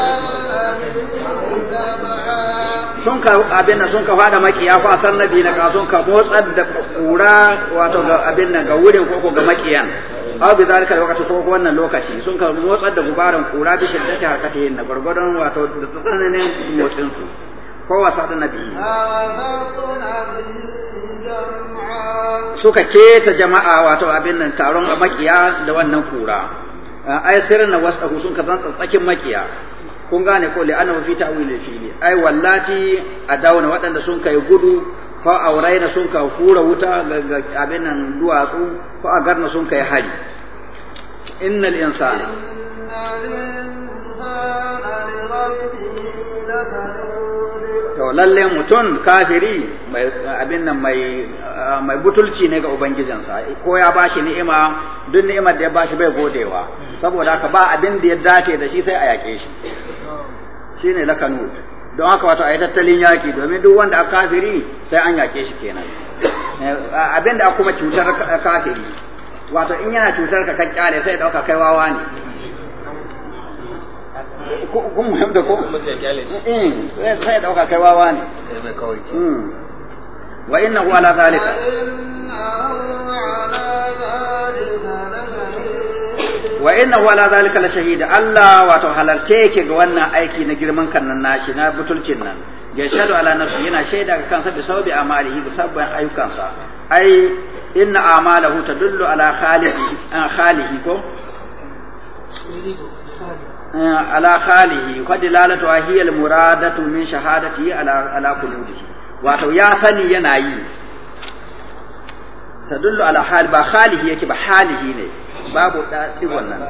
Speaker 2: sun ka abin nan sun ka fada makiya ko asar nabi na ka sun ka motsar da kura wato ga abin nan ga wurin koko ga makiyan aw bi zalika lokaci ko wannan lokaci sun ka motsar da gubaran kura bi shiddati harkatihin na gurgurdan wato da tsananin motsin su ko wasa da nabi suka keta jama'a wato abin nan taron makiya da wannan kura ai sirrin wasu sun ka zan tsakin makiya kun gane ko li annahu fi ta'wil al-fi'li ai wallati adawna waɗanda sun kai gudu fa auraina sun ka fura wuta ga abin nan duwatsu fa agarna sun kai hari innal insana
Speaker 1: to lalle mutum
Speaker 2: kafiri mai abin nan mai ah, mai butulci ne ga ubangijinsa ko ya bashi ni'ima duk ni'imar da ya bashi bai godewa saboda haka ba abin da ya dace da shi sai a yake shi shine lakanut don haka wato a yi tattalin yaki domin duk wanda a kafiri sai an yake shi kenan eh, abin da kuma cutar kafiri wato in yana cutar ka kyale sai dauka kai wawa ne kun muhim da ko eh, sai dauka kai wawa ne hmm. wa innahu ala zalika wa inna huwa la zalika la shahida Allah wato halarce yake ga wannan aiki na girman kan nan nashi na butulcin nan ya shadu ala nafsi yana shaida ga kansa bi sababi amalihi bi sabban ayyukansa ai inna amalahu tadullu ala khalihi an khalihi ko eh, ala khalihi qad lalatu hiya al muradatu min shahadati ala ala qulubihi wato ya sani yana yi tadullu ala hal ba khalihi yake ba halihi ne
Speaker 1: babu ɗaɗi wannan.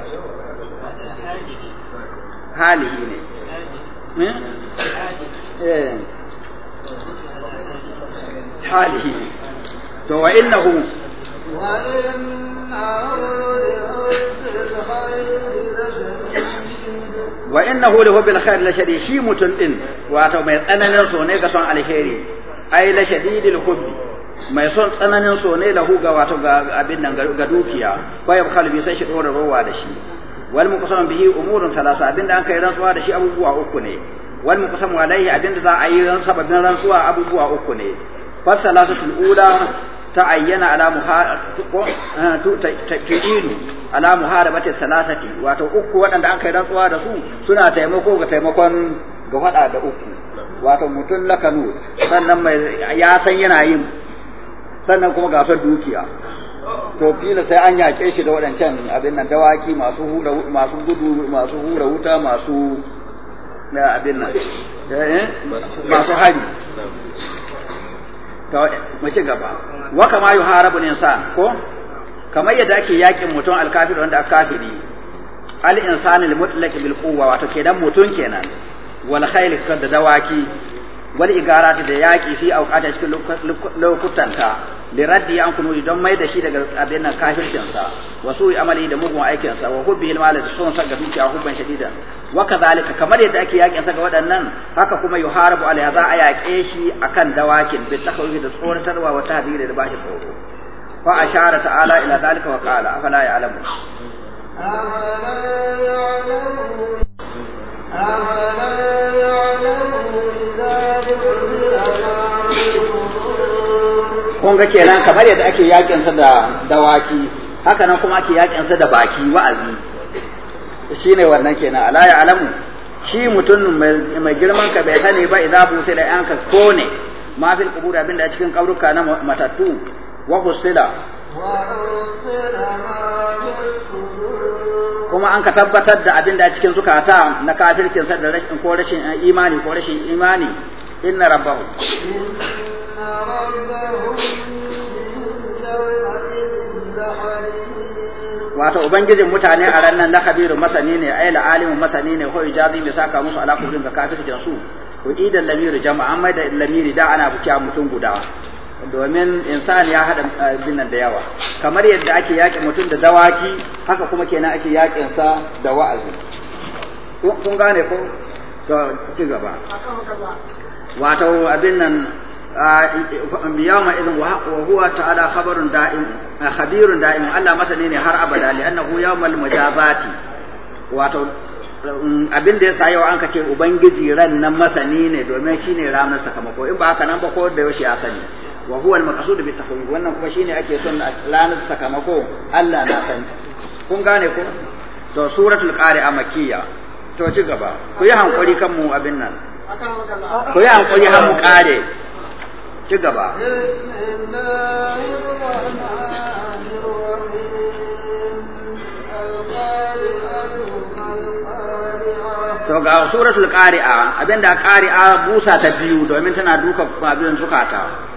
Speaker 1: Hali halihi ne eh.
Speaker 2: Hali halihi ne to wa innahu wa innahu wa innahu lahu bil khair la shadid shi mutun din wato mai tsananin so ne ga son alheri ai la shadidil hubbi mai son tsananin so ne lahu ga wato ga abin nan ga dukiya ba ya kalbi sai shi dora rowa da shi wal muqsam bihi umurun thalatha abin da an kai rantsuwa da shi abubuwa uku ne wal muqsam alaihi abin da za a yi sababin rantsuwa abubuwa uku ne fa salasatul ula eh, ta ayyana ala tu'ilu ala muharabati thalathati wato uku waɗanda an kai rantsuwa da su suna taimako ga taimakon ga fada da uku wato mutun lakanu sannan mai ya san yana yin sannan kuma gasar dukiya to fila sai an yake shi da waɗancan abin nan dawaki masu hura masu gudu masu hura wuta masu na abin nan eh, eh, masu hari to mace gaba wa kama yuharabu insan ko kamar yadda ake yakin mutum alkafir wanda aka kafiri al insani al mutlaq bil quwwa wato kenan mutum kenan wal khayl da dawaki igara ta da yaki fi auqata cikin lokutanta da raddi an kunu don mai da shi daga abin nan kafircinsa wasu yi amali da mugun aikinsa wa hubbi al da son sa ga dukiya hubban shadida wa kamar yadda ake yakin sa ga waɗannan haka kuma yuharabu alaiha za a yaƙe shi akan dawakin bi takhawfi da tsoratarwa wa tahdiri da bashi tsoro fa ashara ta'ala ila zalika wa qala afala ya'lamu kun ga kenan kamar yadda ake yakinsa da dawaki haka nan kuma ake yakinsa da baki wa'azi shine wannan kenan ala ya alamu shi mutum mai girman ka bai sani ba ku sai da yanka ko ne mafil kubura abinda cikin kabruka na matattu wa husila kuma an ka tabbatar da abin da cikin zukata na kafircin sa da rashin ko rashin eh, imani ko rashin imani inna rabbahu
Speaker 1: wato ubangijin mutane a ran nan
Speaker 2: lakabirin masani ne ayla alimin masani ne ko ijazi mai saka musu ala kudin ga kafircin su ko idan Lamiru jama'a mai da lamiri da ana bukiya mutum guda domin insan ya haɗa eh, abin nan da yawa kamar yadda ake yaƙi mutum da dawaki haka kuma kenan ake yaƙin sa da wa'azi kun gane ko to ci gaba wato abin nan ma izin wa huwa ta'ala khabarun da'im khabirun da'im Allah masani ne har abada li annahu yawmal mujazati wato um, abin da ya sa yau an ka ce ubangiji ran nan masani ne domin shine ranar sakamako in ba haka nan ba ko da yaushe ya sani wa huwa al-maqsud bi tahwim wannan kuma shine ake son lanar sakamako Allah na san kun gane ko to suratul qari'a makkiya to ci gaba ku yi hankali kan mu abin nan
Speaker 1: ku yi hankali har mu kare
Speaker 2: ci gaba to ga suratul qari'a abinda qari'a busa ta biyu domin tana duka abin zukata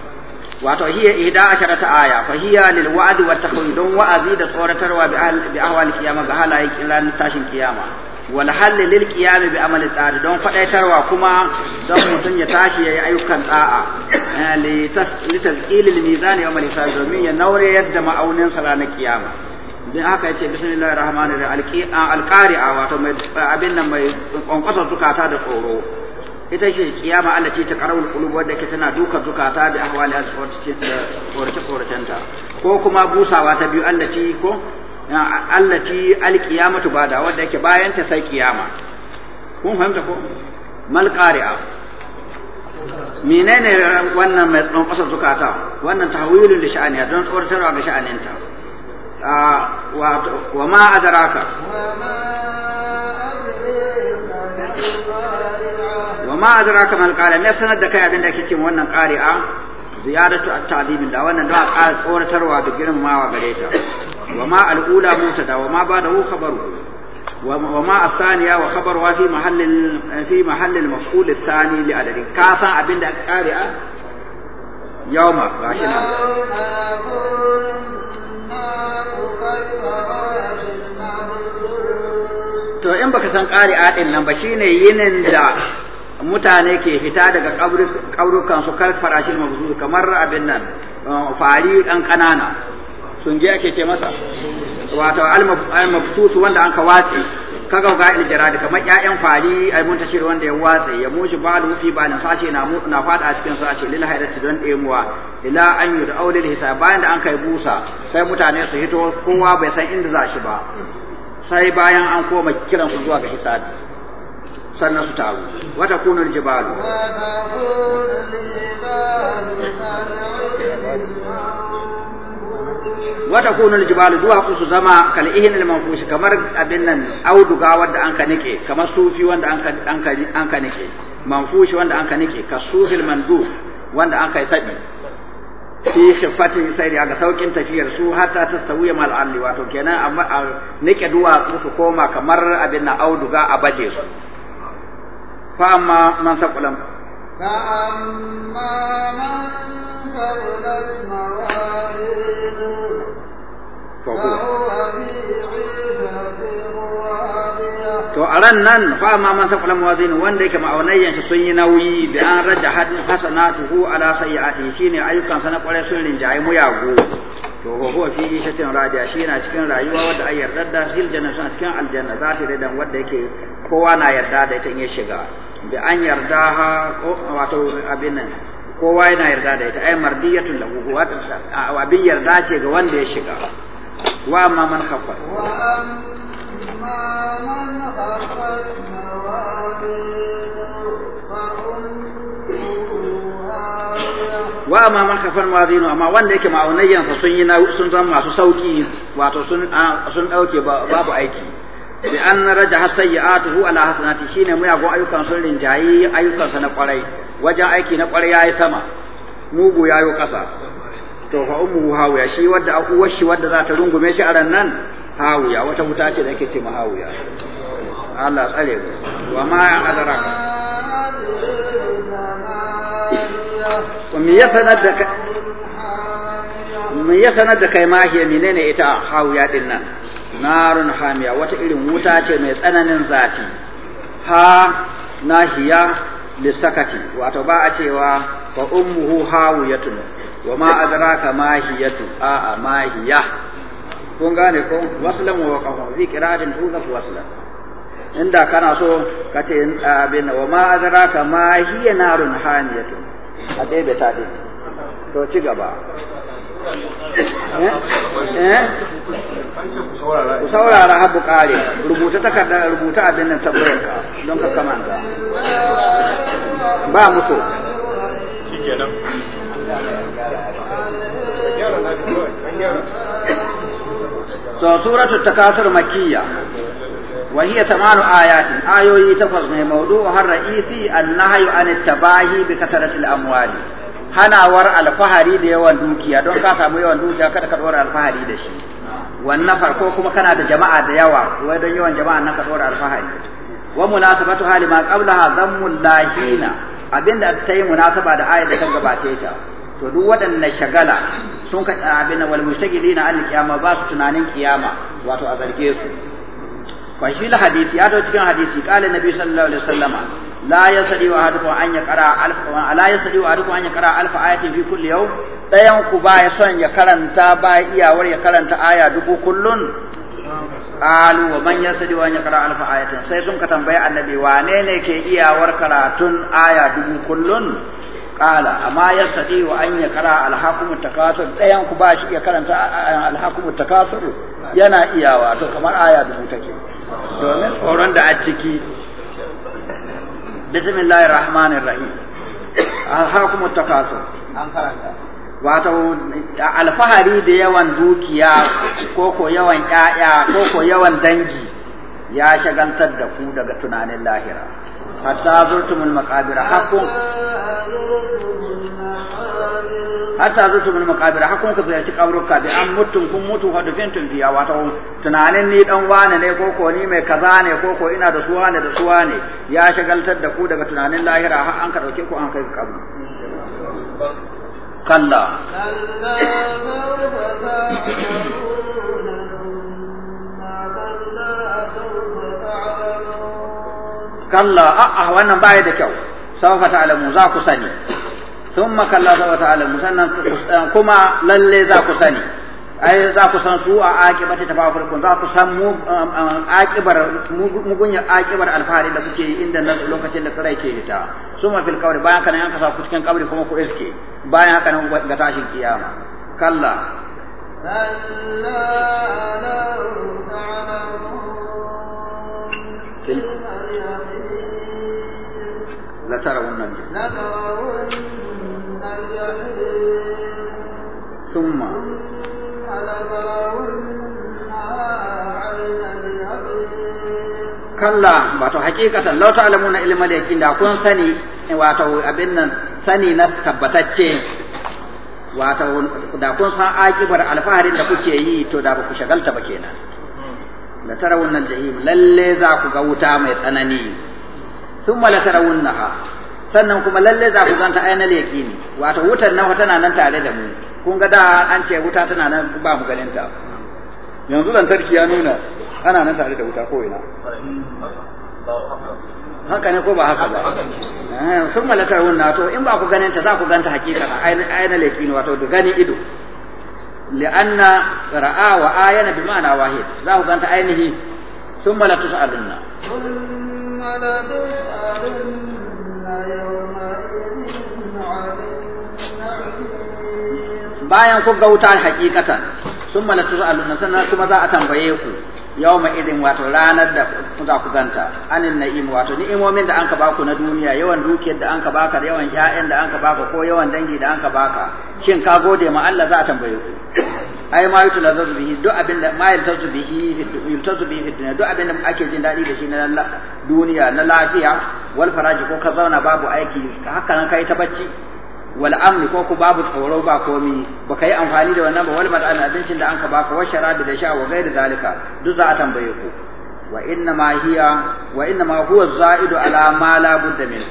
Speaker 2: wato hiya ihda asharata aya fa hiya lil wa'd wa takhwid wa'azi da tsoratarwa bi ahl bi ahwal qiyama ga halayen kiran tashin kiyama wal hal lil qiyam bi amal tsari don fadaitarwa kuma don mutun ya tashi yayi ayyukan da'a eh, li tasqil al mizan yawm al hisab domin ya naure yadda ma'aunin sa ranar kiyama bin haka yace bismillahir rahmanir rahim al qari'a wato mai abin nan mai kwankwasa tukata da tsoro ita ce kiyama Allah ce ta karawul qulub wanda ke tana duka zukata bi ahwali tsorace tsoracen ta ko kuma busawa ta biyu Allah ce ko Allah ce alkiyamatu bada wanda yake bayan ta sai kiyama kun fahimta ko mal qari'a menene wannan mai don kasar ta wannan tahwilul li sha'ani don tsoratarwa ga sha'aninta wa ma adraka wa ma
Speaker 1: adraka
Speaker 2: wa ma adraka mal qala me sanar da kai abin da ake ce wannan qari'a ziyadatu at-ta'lim da wannan da a tsoratarwa da girmamawa gare ta wa ma al-ula da wa ma ba badahu khabaru wa ma a wa khabaru wa fi fi mahallin maf'ul sani li adadi ka san abin da qari'a yawma shi nan to in baka san ƙari'a din nan ba shine yinin da mutane ke fita daga ƙaurukan su kar farashin mabzu kamar abin nan uh, fari ɗan ƙanana sun je ake ce masa wato al wanda an ka wace ka iljira da kamar ƴaƴan fari ai muntashir wanda ya watse ya mushi balu fi nan sace na na fada a cikin sace lil hayrati don ɗemuwa ila an aure da hisab bayan da an kai busa sai mutane su hito kowa bai san inda za shi ba sai bayan an koma kiran su zuwa ga hisabi sannan su taru wata kunar jibalu
Speaker 1: wata kunar jibalu duwatsu
Speaker 2: su zama kal'ihin ilmanfushi kamar abin nan auduga wanda an ka nike kamar sufi wanda an ka nike manfushi wanda an ka nike ka sufil mandu wanda an ka yi saɓi fi shifatin sairi ga saukin tafiyar su hatta ta sauya mal alli wato kenan a nike duwatsu su koma kamar abin nan auduga a baje su فأما من ثقلت
Speaker 1: فأما من ثقلت موازينه
Speaker 2: فهو to a ran nan fa ma man saqala muwazin wanda yake ma'aunayyan shi sun yi nauyi da an radda hadin hasanatuhu ala sayyi'ati shine ayyukan sa na kware sun rinjaye yago to ho ho fi ishatin radiya shi yana cikin rayuwa wanda ayyar dadda fil janna suna cikin aljanna za ta radan wanda yake kowa na yarda da ita in ya shiga bi an yarda ha wato abin nan kowa yana yarda da ita ai mardiyatun lahu wa abin yarda ce ga wanda ya shiga wa amma man khaffa wa amma man khaffa wa amma man amma wanda yake ma'aunayyansa sun yi sun zama masu sauki wato sun sun dauke babu aiki bi an raja sayyi'atuhu ala hasanati shine muyagun ayyukan sun rinjayi ayyukan sa na kwarai wajen aiki na kwarai yayi sama mugu yayo kasa to fa ummuhu hawiya shi wadda akuwar shi wadda za ta rungume shi a ran nan hawiya wata wuta ce da ake ce ma hawiya Allah tsare mu wa ma ya adara
Speaker 1: da me ya sanar
Speaker 2: da kai ma hiya menene ita hawiya din nan narun hamiya wata irin wuta ce mai tsananin zafi ha nahiya sakati. wato ba a cewa fa ummuhu hawiyatun wa ma adraka ma a a ma hiya kun gane ko waslan wa qahwa fi qira'atin tudaf waslan inda kana so ka ce abin wa ma adraka mahiya narun hamiyatun a dai be ta to ci gaba
Speaker 1: eh eh
Speaker 2: ku saurara habu kare rubuta takarda rubuta abin nan tabbayar ka don ka kamanta ba musu to suratul takasur makkiya wa hiya tamanu ayatin ayoyi takwas ne mawdu'u har ra'isi an-nahyu an at-tabahi bi kasratil amwali hanawar alfahari da yawan dukiya don ka samu yawan dukiya kada ka dora alfahari da shi wannan farko kuma kana da jama'a da yawa wai don yawan jama'a nan ka dora alfahari wa munasabatu hali ma qablaha zammul lahina abinda ta yi munasaba da ayat da ta gabace ta to duk waɗannan shagala sun ka abin wal mushtagilina an kiyama ba su tunanin kiyama wato a zarge su kwashi shi hadisi ya to cikin hadisi qala nabi sallallahu alaihi wasallama la yasadi wa wa la yasadi wa ahadukum an fi kulli yawm dayan ku ba ya son ya karanta ba iyawar ya karanta aya dubu kullun qalu wa man yasadi wa an yaqra alf ayatin sai sun ka tambaye annabi Wanene ke iyawar karatun aya dubu kullun qala amma yasadi wa an yaqra alhaqum takasur dayan ku ba ya karanta alhaqum takasur yana iyawa to kamar aya dubu take domin tsoron da a ciki بسم الله الرحمن الرحيم التكاثر wato alfahari da yawan dukiya koko yawan ƴaƴa koko yawan dangi ya shagantar da ku daga tunanin lahira hatta zurtumul maqabir hakun hatta zurtumul maqabir hakun ku ziyarci kaburuka bi an mutum kun mutu fa dufintum fiya wato tunanin ni dan wane ne ko ko ni mai kaza ne ko ko ina da suwa ne da suwa ne ya shagaltar da ku daga tunanin lahira har an ka dauke ku an kai ku kaburu kalla kalla a'a wannan baya da kyau sawfa alamu za ku sani thumma kalla sawfa ta'lamu sannan kuma lalle za ku sani ai za ku san su a aqibati tafafurkun za ku san mu um, aqibar mugunya aqibar alfahari da kuke inda lokacin da tsirai ke hita suma fil qabri bayan kana yanka sa ku cikin kabri kuma ku iske bayan haka nan ga tashin kiyama kalla
Speaker 1: kalla fil
Speaker 2: la tarawunna la
Speaker 1: tarawunna thumma kalla wato hakikatan law
Speaker 2: ta'lamuna ilmal yaqin da kun sani wato abin nan sani na tabbatacce wato da kun san akibar alfaharin da kuke yi to da ba ku shagalta ba kenan la tarawunna jahim lalle za ku ga wuta mai tsanani thumma la tarawunnaha sannan kuma lalle za ku ganta ainihin yakini wato wutar nan tana nan tare da mu kun ga da an ce wuta tana nan ba mu ganin ta yanzu lantarki ya nuna ana nan tare da wuta ko ina haka ne ko ba haka ba sun malakar wannan to in ba ku ganin ta za ku ganta hakika ainihin yakini wato da gani ido li'anna ra'a wa ayana bi ma'ana wahid za ku ganta ainihi ثم لا تسألن
Speaker 1: ثم لا
Speaker 2: bayan ku ga wuta hakikatan sun malatu sa'alun sannan kuma za a tambaye ku yau ma idin wato ranar da za ku ganta anin na'im wato ni'imomin da an ka baku na duniya yawan dukiyar da an ka baka da yawan ƴaƴan da an ka baka ko yawan dangi da an ka baka shin ka gode ma Allah za a tambaye ku ai ma yutu lazu bihi duk abin da ma yutu bihi yutu bihi da duk abin da ake jin daɗi da shi na duniya na lafiya wal faraji ko ka zauna babu aiki haka nan kai ta bacci wal amni ko ku babu tsoro ba komi ba kai amfani da wannan ba wal mad'an abincin da anka baka wa sharabi da sha wa gairi zalika duk za a tambaye ku wa inna ma hiya wa inna ma huwa za'idu ala ma la budda min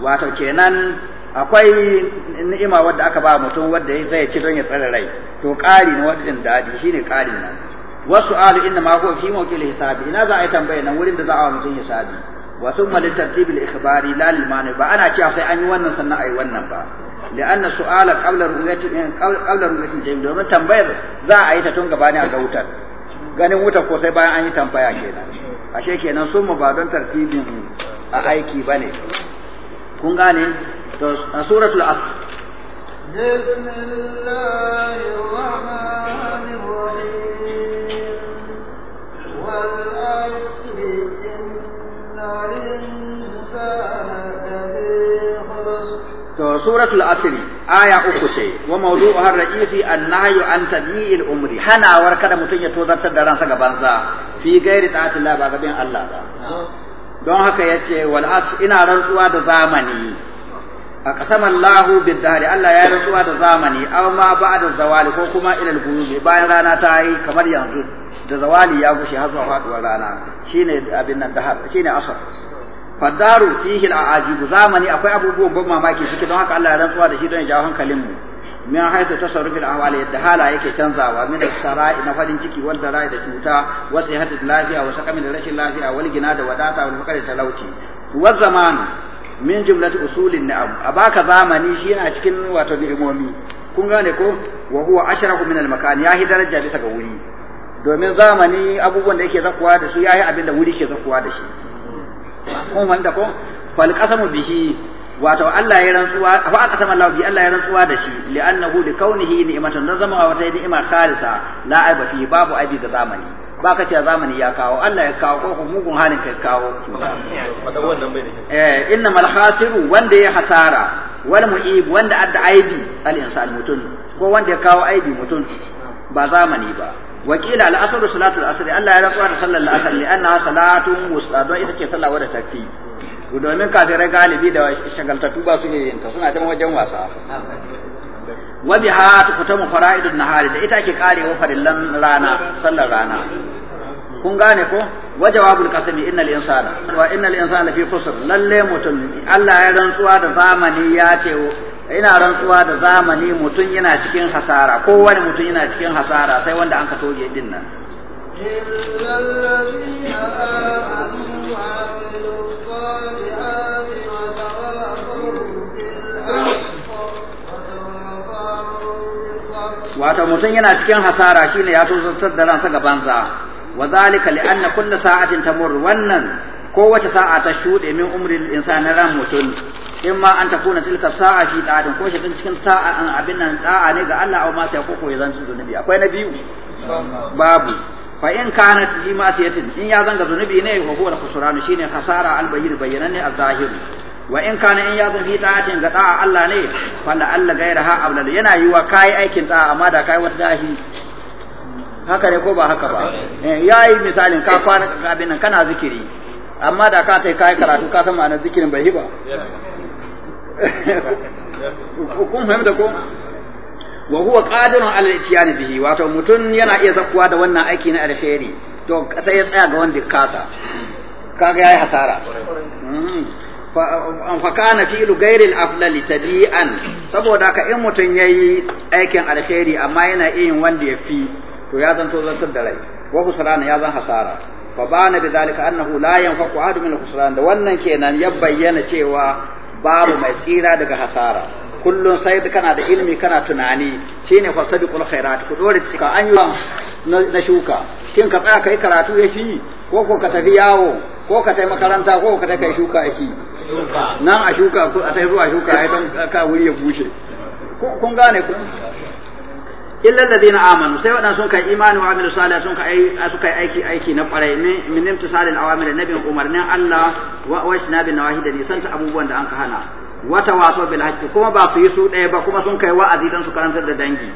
Speaker 2: wato kenan akwai ni'ima wadda aka ba mutum wadda zai ci don ya tsare rai to ƙari na wadin dadi shine ƙarin nan wasu alu inna ma huwa fi mawqil hisabi ina za a yi tambaya nan wurin da za a wa mutum hisabi wa sun li tartib ikhbari la limani ba ana cewa sai an yi wannan sannan yi wannan ba li'anna su'ala qabla ru'yati kablar ru'yati jami domin tambayar za a yi ta tun gabani a ga wutar ganin wutar ko sai bayan an yi tambaya kenan ashe kenan sun mu ba don tartibin a aiki ba ne kun gane to suratul asr to suratul asr aya uku ce wa mawdu'uha ar-ra'isi an-nahyu an tabi'il umri hanawar kada mutum ya tozartar da ransa ga banza fi gairi ta'ati Allah ba gaban Allah ba don haka yace wal as ina rantsuwa da zamani a kasam Allahu bid dahri Allah ya rantsuwa da zamani amma ma ba'da zawali ko kuma ila al bayan rana ta yi kamar yanzu da zawali ya gushe har zuwa faduwar rana shine abin nan dahar shine asr fadaru fihi al'ajibu zamani akwai abubuwan ban mamaki suke don haka Allah ya rantsuwa da shi don ya jawo hankalin mu min haitu tasarrufil ahwal yadda hala yake canzawa min sarai na farin ciki wal darai da cuta wa sihhati lafiya wa sakamin rashin lafiya wal gina da wadata wal fakari talauci wa zamanu min jumlati usulin ni'am abaka zamani shi yana cikin wato ni'imomi kun gane ko wa huwa ashrafu min al makan yahi daraja bisa ga wuri domin zamani abubuwan da yake zakuwa da su yayi abin da wuri ke zakuwa da shi kun wanda ko fal qasamu bihi wato Allah ya rantsuwa fa qasama Allah bi Allah ya rantsuwa da shi li'annahu li kaunihi ni'matan dan zama wa ni'ima khalisa la aiba fi babu aibi ga zamani ba ka zamani ya kawo Allah ya kawo ko mugun halin ka kawo eh khasiru wanda ya hasara wal mu'ib wanda adda aibi al insan ko wanda ya kawo aibi ba zamani ba wakila al'asar salatul asr Allah ya rantsuwa da sallar al'asr li anna salatun wusta don ita ce sallah wadda tafi domin kafirai galibi da shagaltattu ba su ne yin wajen wasa wa biha tukutamu fara'idun nahari da ita ke karewa farillan rana sallar rana kun gane ko wa qasami innal insana wa innal insana fi khusr lalle mutum Allah ya rantsuwa da zamani ya ce ina rantsuwa da zamani mutum yana cikin hasara kowane mutum yana cikin hasara sai wanda an ka soge din nan
Speaker 1: wato mutum yana cikin hasara
Speaker 2: shine ya tozartar da ransa ga banza wa zalika li anna kulli sa'atin tamur wannan kowace sa'a ta shuɗe min umrin insani ran mutum imma an na tilka sa'a fi ta'atin ko shi cikin sa'a an abin nan da'a ne ga Allah au ma sai koko ya zan zunubi akwai na biyu babu fa in kana ji fi yatin in ya zanga zunubi ne ko huwa al shine khasara al-bayyin bayyanan ne al-zahir wa in kana in ya zan fi ta'atin ga da'a Allah ne fa la alla ha abdal yana yi wa kai aikin da'a amma da kai wata dahi haka ne ko ba haka ba eh, yayi misalin ka fara abin nan kana zikiri amma da ka kai kai karatu ka san ma'anar zikirin bai ba? kun fahimta da ko wa huwa qadirun ala al bihi wato mutun yana iya zakuwa da wannan aiki na alheri to sai ya tsaya ga wanda kasa kaga yayi hasara hmm. fa kana fi'lu ghairi al-afdal tabi'an saboda ka in mutun yayi aikin alheri amma yana yin wanda ya fi to ya zanto zantar da rai wa kusrana ya zan hasara fa bana bi dalika annahu la yanfaqu ahadun min al-husran da wannan kenan ya bayyana cewa babu mai tsira daga hasara kullum sai kana da ilmi kana tunani shine fasabiqul khairat ku dore Ka an yi na shuka kin ka tsaya kai karatu ya yafi ko ko ka tafi yawo ko ka tai makaranta ko ka tai kai shuka yake nan a shuka a tai zuwa shuka a don ka wuri ya bushe kun gane ku illa alladhina amanu sai wadan sun kai imani wa amilu salih sun kai suka aiki aiki na kwarai ne min imtisalil awamir nabiyyin umarnin Allah wa wasnabi nawahi da nisan ta abubuwan da an ka hana wata waso bil haqqi kuma ba su yi su ɗaya ba kuma sun kai wa'azi dan su karantar da dangi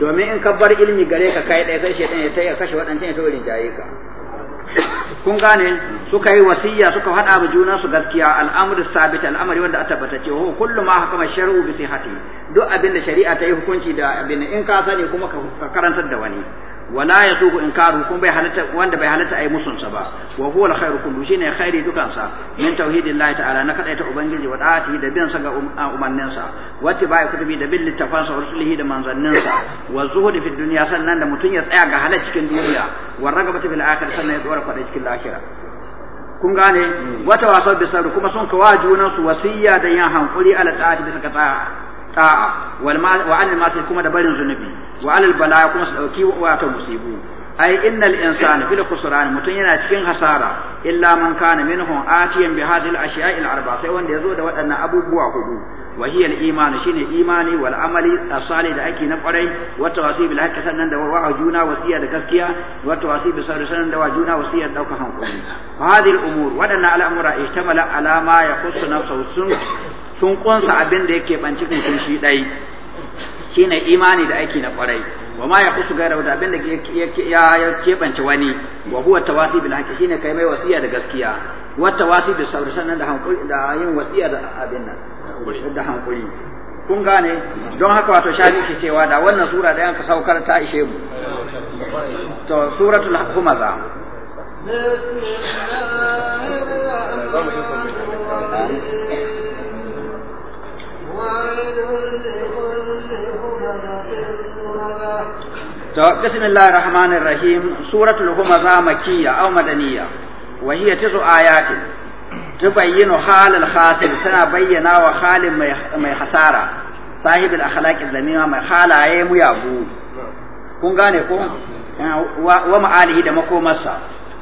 Speaker 2: domin in ka bar ilmi gare ka kai ɗaya sai shedan ya taya kashe waɗancan ya tawarin jaye ka kun gane suka yi wasiya suka faɗa ma juna su gaskiya al'amru sabit al'amari wanda aka tabbatace wa kullu ma hakama shar'u bi sihhati duk abin da shari'a ta yi hukunci da abin in ka sani kuma ka karantar da wani wala ya suku ku karu kun bai halatta wanda bai halatta ai musunsa ba wa huwa alkhairu kullu shine khairi dukansa min tauhidillahi ta'ala na kadaita ubangiji wa da'ati da bin sa ga um-, umannin sa wa tibai kutubi da bin littafan sa rusulihi da manzannin sa wa zuhudi fi dunya sannan da mutum ya tsaya ga halal cikin duniya wa ragabati fil akhir sannan ya tsora kwadai cikin lahira kun gane wata wasa bisar kuma sun kawa junan su wasiya da yin hankuri ala ta'ati bisa ka tsaya ta'a wal wa anil masi kuma da barin zunubi wa alal bala kuma su dauki wato musibu ai innal insana fil khusran mutun yana cikin hasara illa man kana minhum atiyan bi hadhihi al ashiya'i al arba sai wanda yazo da waɗannan abubuwa hudu wa hiya al iman shine imani wal amali as-salih da ake na kwarai wa tawasi bil haqqi sannan da wa juna wasiya da gaskiya wa tawasi bil sabr sannan da wa juna wasiya dauka hankali fa hadhihi al umur waɗannan al'amura ishtamala ala ma yakhussu nafsahu sun kunsa abin da yake banci mutum shi ɗai shine imani da aiki na kwarai wa ma ya kusu gaira wata abin da ya keɓance wani wa huwa tawasi bil haqqi shine kai mai wasiya da gaskiya wa tawasi da sabr sannan da hankuri da yin wasiya da abin nan da hankuri kun gane don haka wato shafi ke cewa da wannan sura da yanka saukar ta ishe mu to suratul humaza
Speaker 1: بسم الله الرحمن الرحيم
Speaker 2: ta bismillahir rahmanir rahim suratul humaza makkiyya aw madaniyya wa tisu ayati tubayyinu halal khasir sana bayyana wa halin mai hasara sahibul akhlaqil zamiwa mai halaye mu yabu wa ma alihi da makomarsa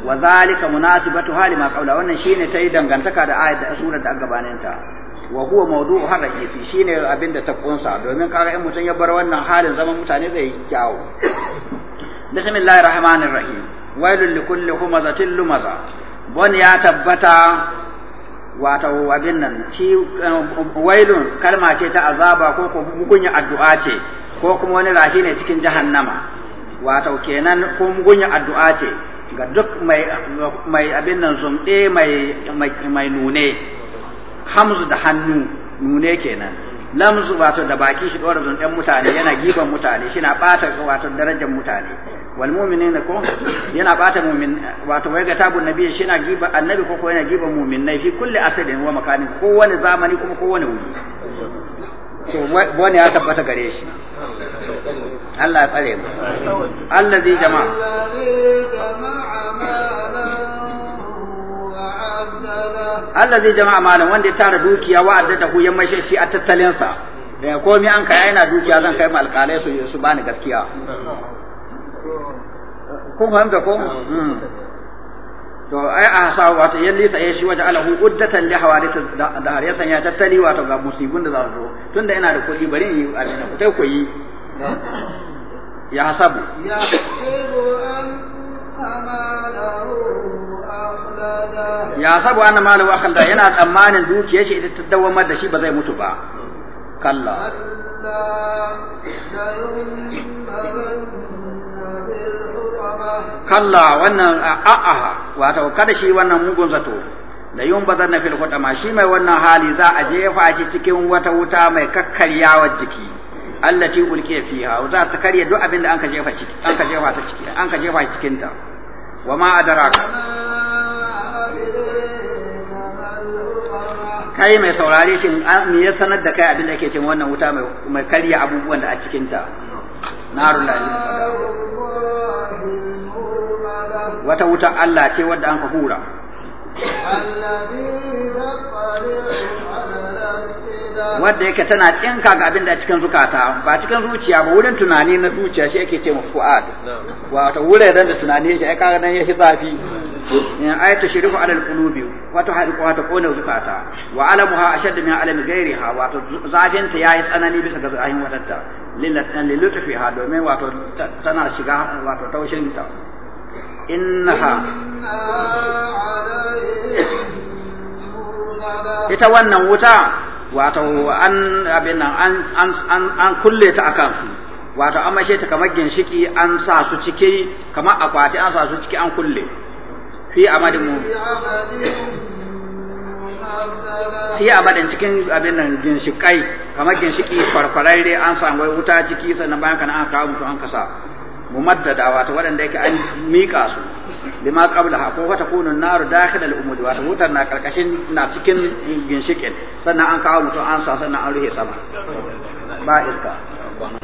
Speaker 2: wa zalika munasibatu halima qaula wannan shine tayi dangantaka da ayati da suratul gabaninta wa huwa mawdu kifi, fi shine abinda ta kunsa domin kaga in mutum ya bar wannan halin zaman mutane zai yi kyawu bismillahir rahmanir rahim wailul likulli humazatil lumaza bon ya tabbata wato abin nan ci wailun kalma ce ta azaba ko ko mugunya addu'a ce ko kuma wani rahi ne cikin jahannama wato kenan ko mugunya addu'a ce ga duk mai mai abin nan zumɗe mai mai nune hamzu da hannu nune kenan lamzu wato da baki shi dora ɗan mutane yana giban mutane shi na ɓata wato darajar mutane wal mu'minina ko yana ɓata mu'min wato wai ga tabun nabi shi na giba annabi ko ko yana giban mu'minai fi kulli asadin wa makanin wani zamani kuma wani wuri to wani ya tabbata gare shi Allah ya tsare mu zai jama'a Allah zai jama'a malam wanda ya tara dukiya wa'adda da huyan mai shi a tattalinsa mi an kai yana dukiya zan kai alƙalai su su bani gaskiya kun fahimta ko hmm. to ai a hasa wato yalli lisa ya shi waje alahu uddatan li hawalita da har ya sanya tattali wato ga musibin da za su zo tunda yana da kuɗi bari in yi alina ku tai ya hasabu
Speaker 1: ya hasabu an amalahu ya sabu ana malu wa khalda yana tsammanin
Speaker 2: dukiyar shi idan ta dawamar da shi ba zai mutu ba kalla kalla wannan a'a wato kada shi wannan mugun zato da yun bazar na fil hutama shi mai wannan hali za a jefa shi cikin wata wuta mai kakkaryawa jiki allati ulke fiha za ta karya duk abin da an ka jefa ciki an ka jefa ta ciki an ka jefa cikin ta wa ma adraka
Speaker 1: kai mai saurare shi
Speaker 2: me ya sanar da kai abin da yake cin wannan wuta mai karya abubuwan da a cikin ta narul wata wuta Allah ce wadda an ka hura wadda yake tana tsinka ga abin da cikin zukata ba cikin zuciya ba wurin tunani na zuciya shi yake ce mu fu'ad wato wuraren da tunani shi ai kaga nan yake zafi in eh, ai ta shiriku alal qulubi wato haɗuwa ta kona zukata wa alamuha ashad min alami ghairiha wato zafin ta yayi tsanani bisa ga zahin wadatta lillatfi ha domin wato tana shiga wato taushin ta innaha ita wannan wuta wato an abin nan an an an kulle ta akan su wato an mashe ta kamar ginshiki an sa su ciki kamar akwati an sa su ciki an kulle fi amadin mu fi abadin cikin abin nan ginshikai kamar ginshiki farfararre an sa wuta ciki sannan bayan kana an kawo mutu an kasa mumaddada wato waɗanda yake an miƙa su lima qabla ko fa takunu an-naru dakhil al-umud wato wutar na karkashin na cikin ginshikin sannan an kawo mutum an sa sannan an rufe sama ba
Speaker 1: iska